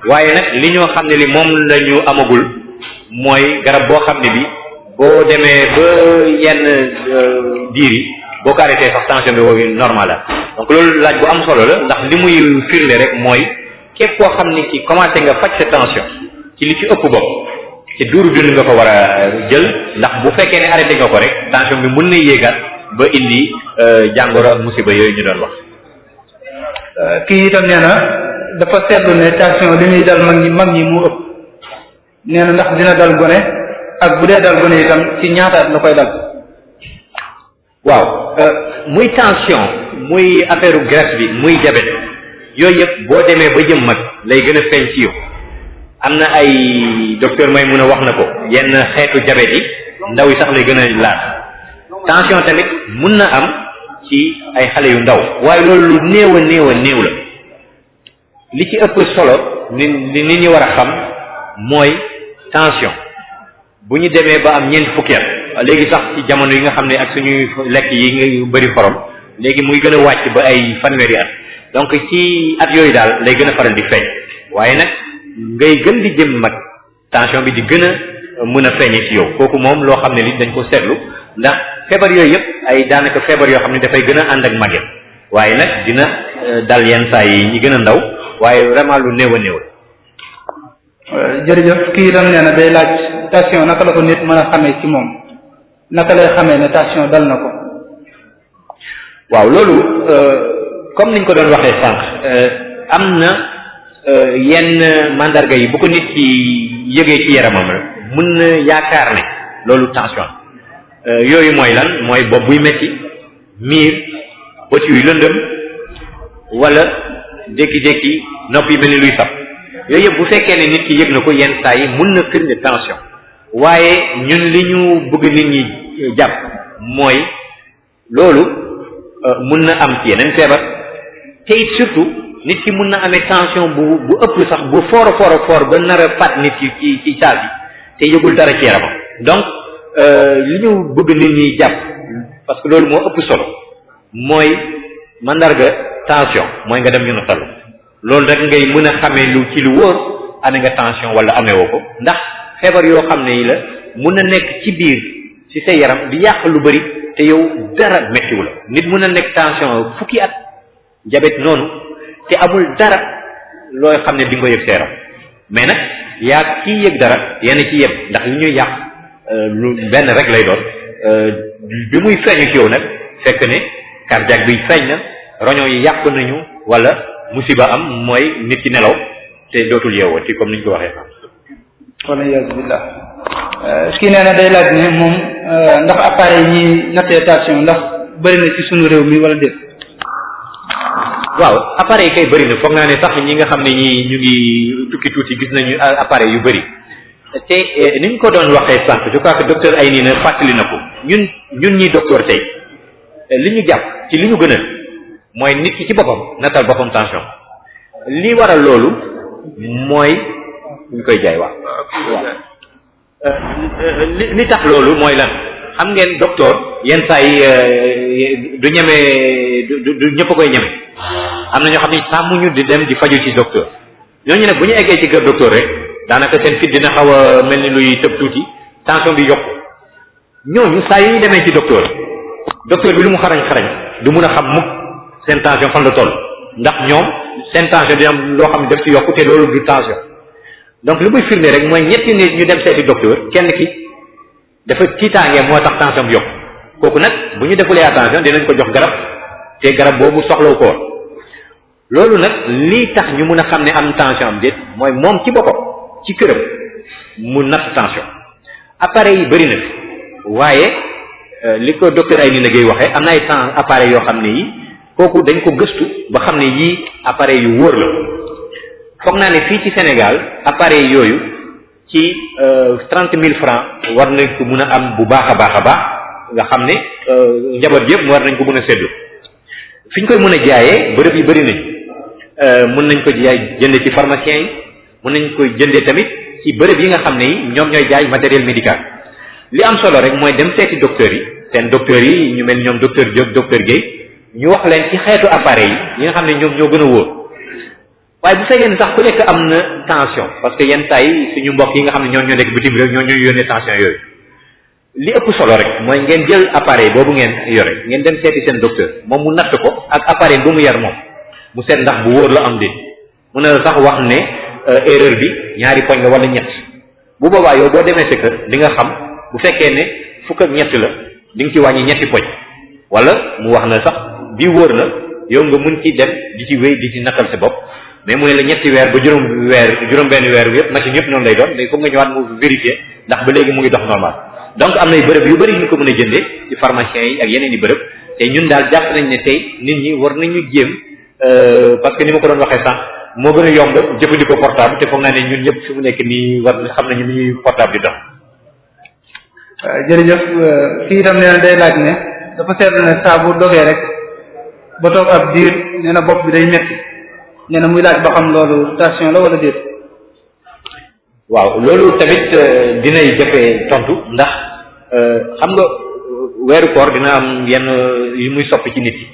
waaye nag li ñoo xam ne li moom la amagul mooy garab boo xam ne bi boo demee ba yenn euh, diir yi boo ko arrêté sax tension bi woowu normal la donc loolu laaj bu am solo la ndax li muy firnde rek mooy képp koo xam ni ki commencé nga faj sa tension ci li ci ëpp bopp ci duuru dund nga ko war a jël ndax bu fekkee ne arrêté nga ko rek tension bi mën na yéegaat ba indi euh, jàngoro ak musiba yooyu ñu doon wax. Euh, kii itam nee na dafa seetlu ne tension li muy dal mag ñi mag ñi mu ëpp nee na ndax dina dal gone ak bu dee dal gone itam ci ñaata at koy dal waaw euh, muy tension muy affaire graisse bi muy diabète yooyu yëpp boo demee ba jëm mag lay gën a feeñ ci yow am na ay docteur may mun a wax na ko yenn xeetu diabète yi ndaw yi sax lay gën a laal tension tamit mun na am ci ay xale yu ndaw waaye loolu lu néew a néew a néew la li ci ëpp solo ni ni nit war a xam mooy tension bu ñu demee ba am ñeent fukki léegi sax ci jamono yi nga xam ne ak suñuy lekk yi nga bëri xorom léegi muy gën a wàcc ba ay fanweeri at donc ci at yooyu daal lay gën a faral di feeñ waaye nag ngay gën di jëm mag tension bi di gën a mën a feeñee ci yow kooku moom loo xam ne li dañ ko seetlu ndax feebar yooyu yëpp ay daanaka feebar yoo xam ne dafay gën a ànd ak màgget waaye nag dina euh, dal yenn saa yi ñi gën a ndaw waaye vraiment lu néew a néew tension naka la ko nit mën a xamee ci moom naka lay xamee ne tension dal na ko. waaw loolu euh, comme niñ ko doon waxee sànq euh, am na euh, yenn mandarga yi bu ko nit ki yëgee ci yaramam la mën na yaakaar ne loolu tension yooyu mooy lan mooy bopp buy metti miir bët yuy lëndëm wala jékki-jékki nopp yi mel ni luy sab yooyu yëpp bu fekkee ne nit ki yëg na ko yenn saa yi mën na firnde tension waaye ñun li ñu bëgg nit ñi jàpp mooy loolu euh, mun na am ci nañ feebar te it surtout nit ki mun na amee tension bu bu ëpp sax bu fort fort fort ba nar a faat nit ki ci ci saal te yëgul dara ci yaramam donc euh, li ñu bëgg nit ñi jàpp parce loolu moo ëpp solo mooy mandarga tension mooy nga dem ñu notalu loolu rek ngay mën a xamee lu ci lu wóor amee nga tension wala amee woo ndax. feebar yoo xam ne yi la mun na nekk ci biir ci sa yaram di yàq lu bari te yow dara méttiwu la nit mun a nekk tension fukki at diabète noonu te amul dara looy xam ne di ko yëg sa yaram mais nag yaa kii yëg dara yenn ci yem ndax yu ñuy yàq euh, lu benn rek lay doon euh, bi muy feeñu ci yow nag fekk ne cardiaque bi feeñ na roño yi yàq nañu wala musiba am mooy nit ki nelaw te dootul yeewoo te comme ni ñu ko waxee xam wala iyaazu billah kii euh, nee na day laaj ne moom euh, ndax appareil yi ñuy nattee tension ndax bëri na ci sunu réew mi wala déet. waaw appareil kay bëri na foog naa ne sax ñi nga xam ne ñi ñu ngi tukki tuuti gis nañu euh, appareil yu bëri te ni ñu ko doon waxee sànq je crois ay nii na fàttali na ko ñun ñun ñi docteur tey li ñu jàpp ci li ñu gën a mooy nit ki ci boppam nattal boppam tension li waral loolu mooy. ñu koy jaay waaw euh, li li tax loolu mooy lan xam ngeen doktoor yenn saa yi euh, du ñeme du du ñëpp a koy ñeme am na ñoo xam ne tàmmuñu di dem di faju ci docteur ñooñu nag bu ñu eggee ci gër docteur rek daanaka seen fit dina xaw a mel ni luy tëb tuuti tension bi yokku ñooñu saa yi ñu demee ci docteur docteur bi lu mu xarañ xarañ du mun a xam mukk seen tension fan la toll ndax ñoom seen tension dina am loo xam ne def ci yokku te loolu du tension. donc lu muy firnde rek mooy ñetti nit ñu dem seeti docteur kenn ki dafa tiitaangee moo tax tension bi yokku kooku nag bu ñu defulee attention dinañ ko jox garab te garab boobu soxlaw ko loolu nag lii tax ñu mun a xam ne am tension am déet mooy moom ci boppam ci këram mu natt tension appareil yi bëri na fi waaye euh, li ko docteur ay nii na gay waxee am na ay temps appareil yoo xam ne yi kooku dañ ko gëstu ba xam ne yii appareil yu wóor la foog naa ne fii ci Sénégal appareil yooyu ci euh, trente mille francs war nañ ko mun a am bu baax a baax a baax nga xam ne euh, njaboot yëpp war nañ ko mën a seddu fi ñu koy mën a jaayee bërëb yi bëri nañ euh, mën nañ ko jaay jënde ci pharmacien yi mën nañ koy jëndee tamit ci bërëb yi nga xam ne yi ñoom ñooy jaay matériel médical li am solo rek mooy dem seeti docteurs yi seen docteurs yi ñu mel ñoom docteur Diop docteur Guèye ñu wax leen ci xeetu appareil yi nga xam ne ñoom ñoo gën a wóor waaye bu fekkee ne sax ku nekk am na tension parce que yenn saa yi suñu mbokk yi nga xam ne ñoo ñoo nekk bitim réew ñoo ñoo yónnee tension yooyu li ëpp solo rek mooy ngeen jël appareil boobu ngeen yore ngeen dem seeti seen docteur moom mu natt ko ak appareil bu mu yar moom mu seet ndax bu wóor la am déet mu ne la sax wax ne euh, erreur bi ñaari poñ la wala ñett bu boobaa yow boo demee sa kër di nga xam bu fekkee ne fukk ak ñett la di nga ci wàññi ñetti poñ wala mu wax na sax bi wóor la yow nga mun ci dem di ci wéy di ci nattal sa bopp mais mu ne la ñetti weer ba juróom weer juróom benn weer bi yëpp machine yëpp noonu lay doon mais comme nga ñëwaat mu vérifier ndax ba léegi mu ngi dox normal donc am nay bërëb yu bëri ko mën a jëndee ci pharmacien yi ak yeneen i bërëb te ñun daal jàpp nañ ne tey nit ñi war nañu jéem euh, parce que ni ma ko doon waxee sànq moo gën a yomb jëfandiko portable te foog naa ne ñun ñëpp fi mu nekk nii war xam nañu ni ñuy portable di dox. jërëjëf kii itam nee na day laaj ne dafa seetlu ne saa rek ba toog ab diir na bopp bi day metti nee na muy laaj ba xam loolu station la wala déet. waaw loolu tamit euh, dinay jëfee tontu ndax euh, xam nga weeru koor dina am yenn euh, yu muy soppi ci nit yi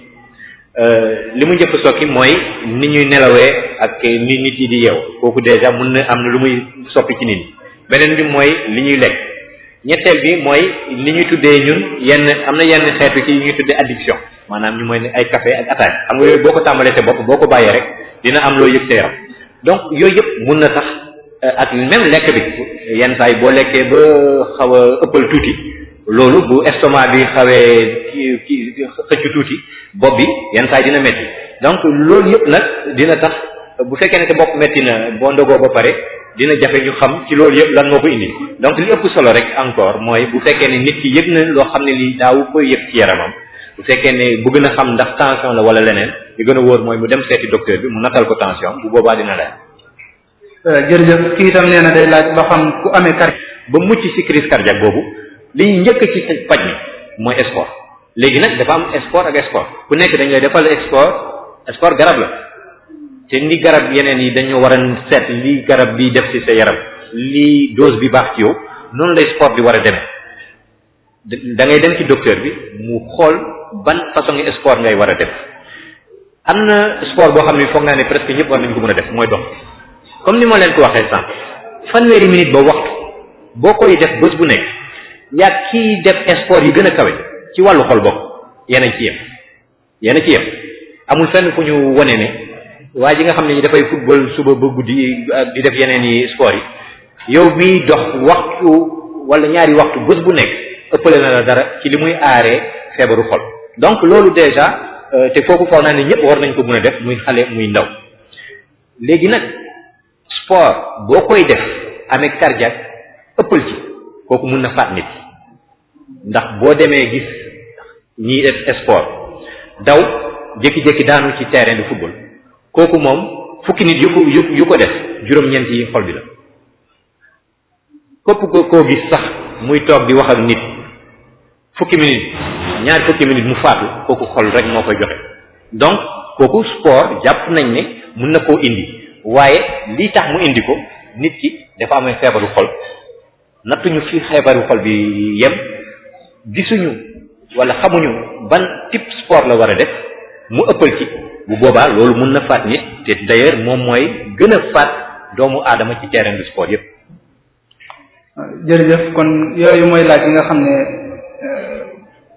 li mu njëkk sokki mooy ni ñuy nelawee ak ni nit yi di yeew kooku déjà mën na am na lu muy soppi ci nit beneen bi mooy li ñuy lekk ñetteel bi mooy li ñuy tuddee ñun yenn am na yenn xeetu ci yi ñuy tuddee addiction maanaam ñu mooy ay kafe ak attaque xam nga yooyu boo ko tàmbalee sa bopp boo ko bàyyee rek dina am loo yëg sa yaram donc yooyu yëpp mun na tax euh, ak même lekk bi yenn yi boo lekkee ba xawa a ëppal tuuti loolu bu estomac bi xawee kii xëccu tuuti bopp bi yenn saa yi dina metti donc loolu yëpp nag dina tax bu fekkee ne te bopp metti na boo ndogoo ba pare dina jafe ñu xam ci loolu yëpp lan moo ko indi donc li ëpp solo rek encore mooy bu fekkee ni nit ki yëg na loo xam ne lii daawu koy yëg ci yaramam bu fekkee ne bëgg na xam ndax tension la wala leneen li gën a wóor mooy mu dem seeti docteur bi mu natal ko tension bu boobaa dina leer. Euh, jërëjëf kii itam nee na laaj ba xam ku amee car. ba mucc ci crise cardiaque boobu li njëkk ci paj mi mooy sport léegi nag dafa am sport ak sport ku nekk dañ lay defal sport sport garab la te ni garab yeneen yi dañoo war a seet li garab bi def ci sa yaram li dose bi baax ci yow noonu lay sport bi war a demee da dem ci docteur bi mu xool ban façon ngi sport ngay war a def am na sport boo xam ne foog naa ne presque ñëpp war nañ ko mun a def mooy dox comme ni ma leen ko waxee sànq fanweeri minute ba waxtu boo koy def bés bu nekk yaa kii def sport yi gën a kawe ci wàllu xol bokk yéen ci yem yéen ci yem amul fenn ku ñu wone ne waaye ji nga xam ne dafay football suba ba guddi di def yeneen yi sport yi yow miy dox waxtu wala ñaari waxtu bés bu nekk ëppale na la dara ci li muy aaree feebaru xol donc loolu déjà euh, te kooku foog naa ne ñëpp war nañ ko mun a def muy xale muy ndaw léegi nag sport boo koy def amee cardiaque ëppal ci kooku mën na faat nit ndax boo demee gis ñiy sport daw jékki-jékki daanu ci terrain de football kooku moom fukki nit yu ko yu ko def juróom-ñeent xol bi la képp ko koo gis sax muy toog di wax ak nit fukki minute ñaar fukki minute mu faatu kooku xol rek moo koy joxe donc kooku sport jàpp nañ ne mun na koo indi waaye lii tax mu indi ko nit ki dafa amee feebaru xol nattuñu fi feebaru xol bi yem gisuñu wala xamuñu ban type sport la war a def mu ëppal ci bu boobaa loolu mun na faat nit te d'ailleurs moom mooy gën a faat doomu aadama ci terrain du sport yépp jërëjëf kon yooyu mooy laaj yi nga xam ne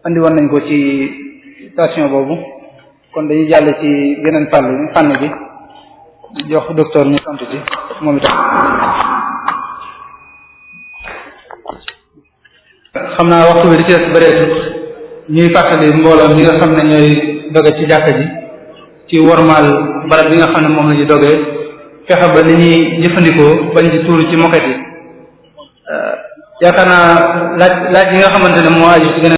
andi woon nañ ko ci station boobu kon dañuy jàll ci beneen fànn bi fànn bi jox docteur ñu sant moom itam xam naa waxtu bi di ci ñuy fàttali mbooloo ñi nga xam ne ñooy doge ci jàkka ji ci wormaal barab bi nga xam ne moom la ñu doge fexe ba ni ñuy jëfandikoo bañ ci tuuru ci moket yi yaakaar naa laaj laaj yi nga xamante ne moo aju ci gën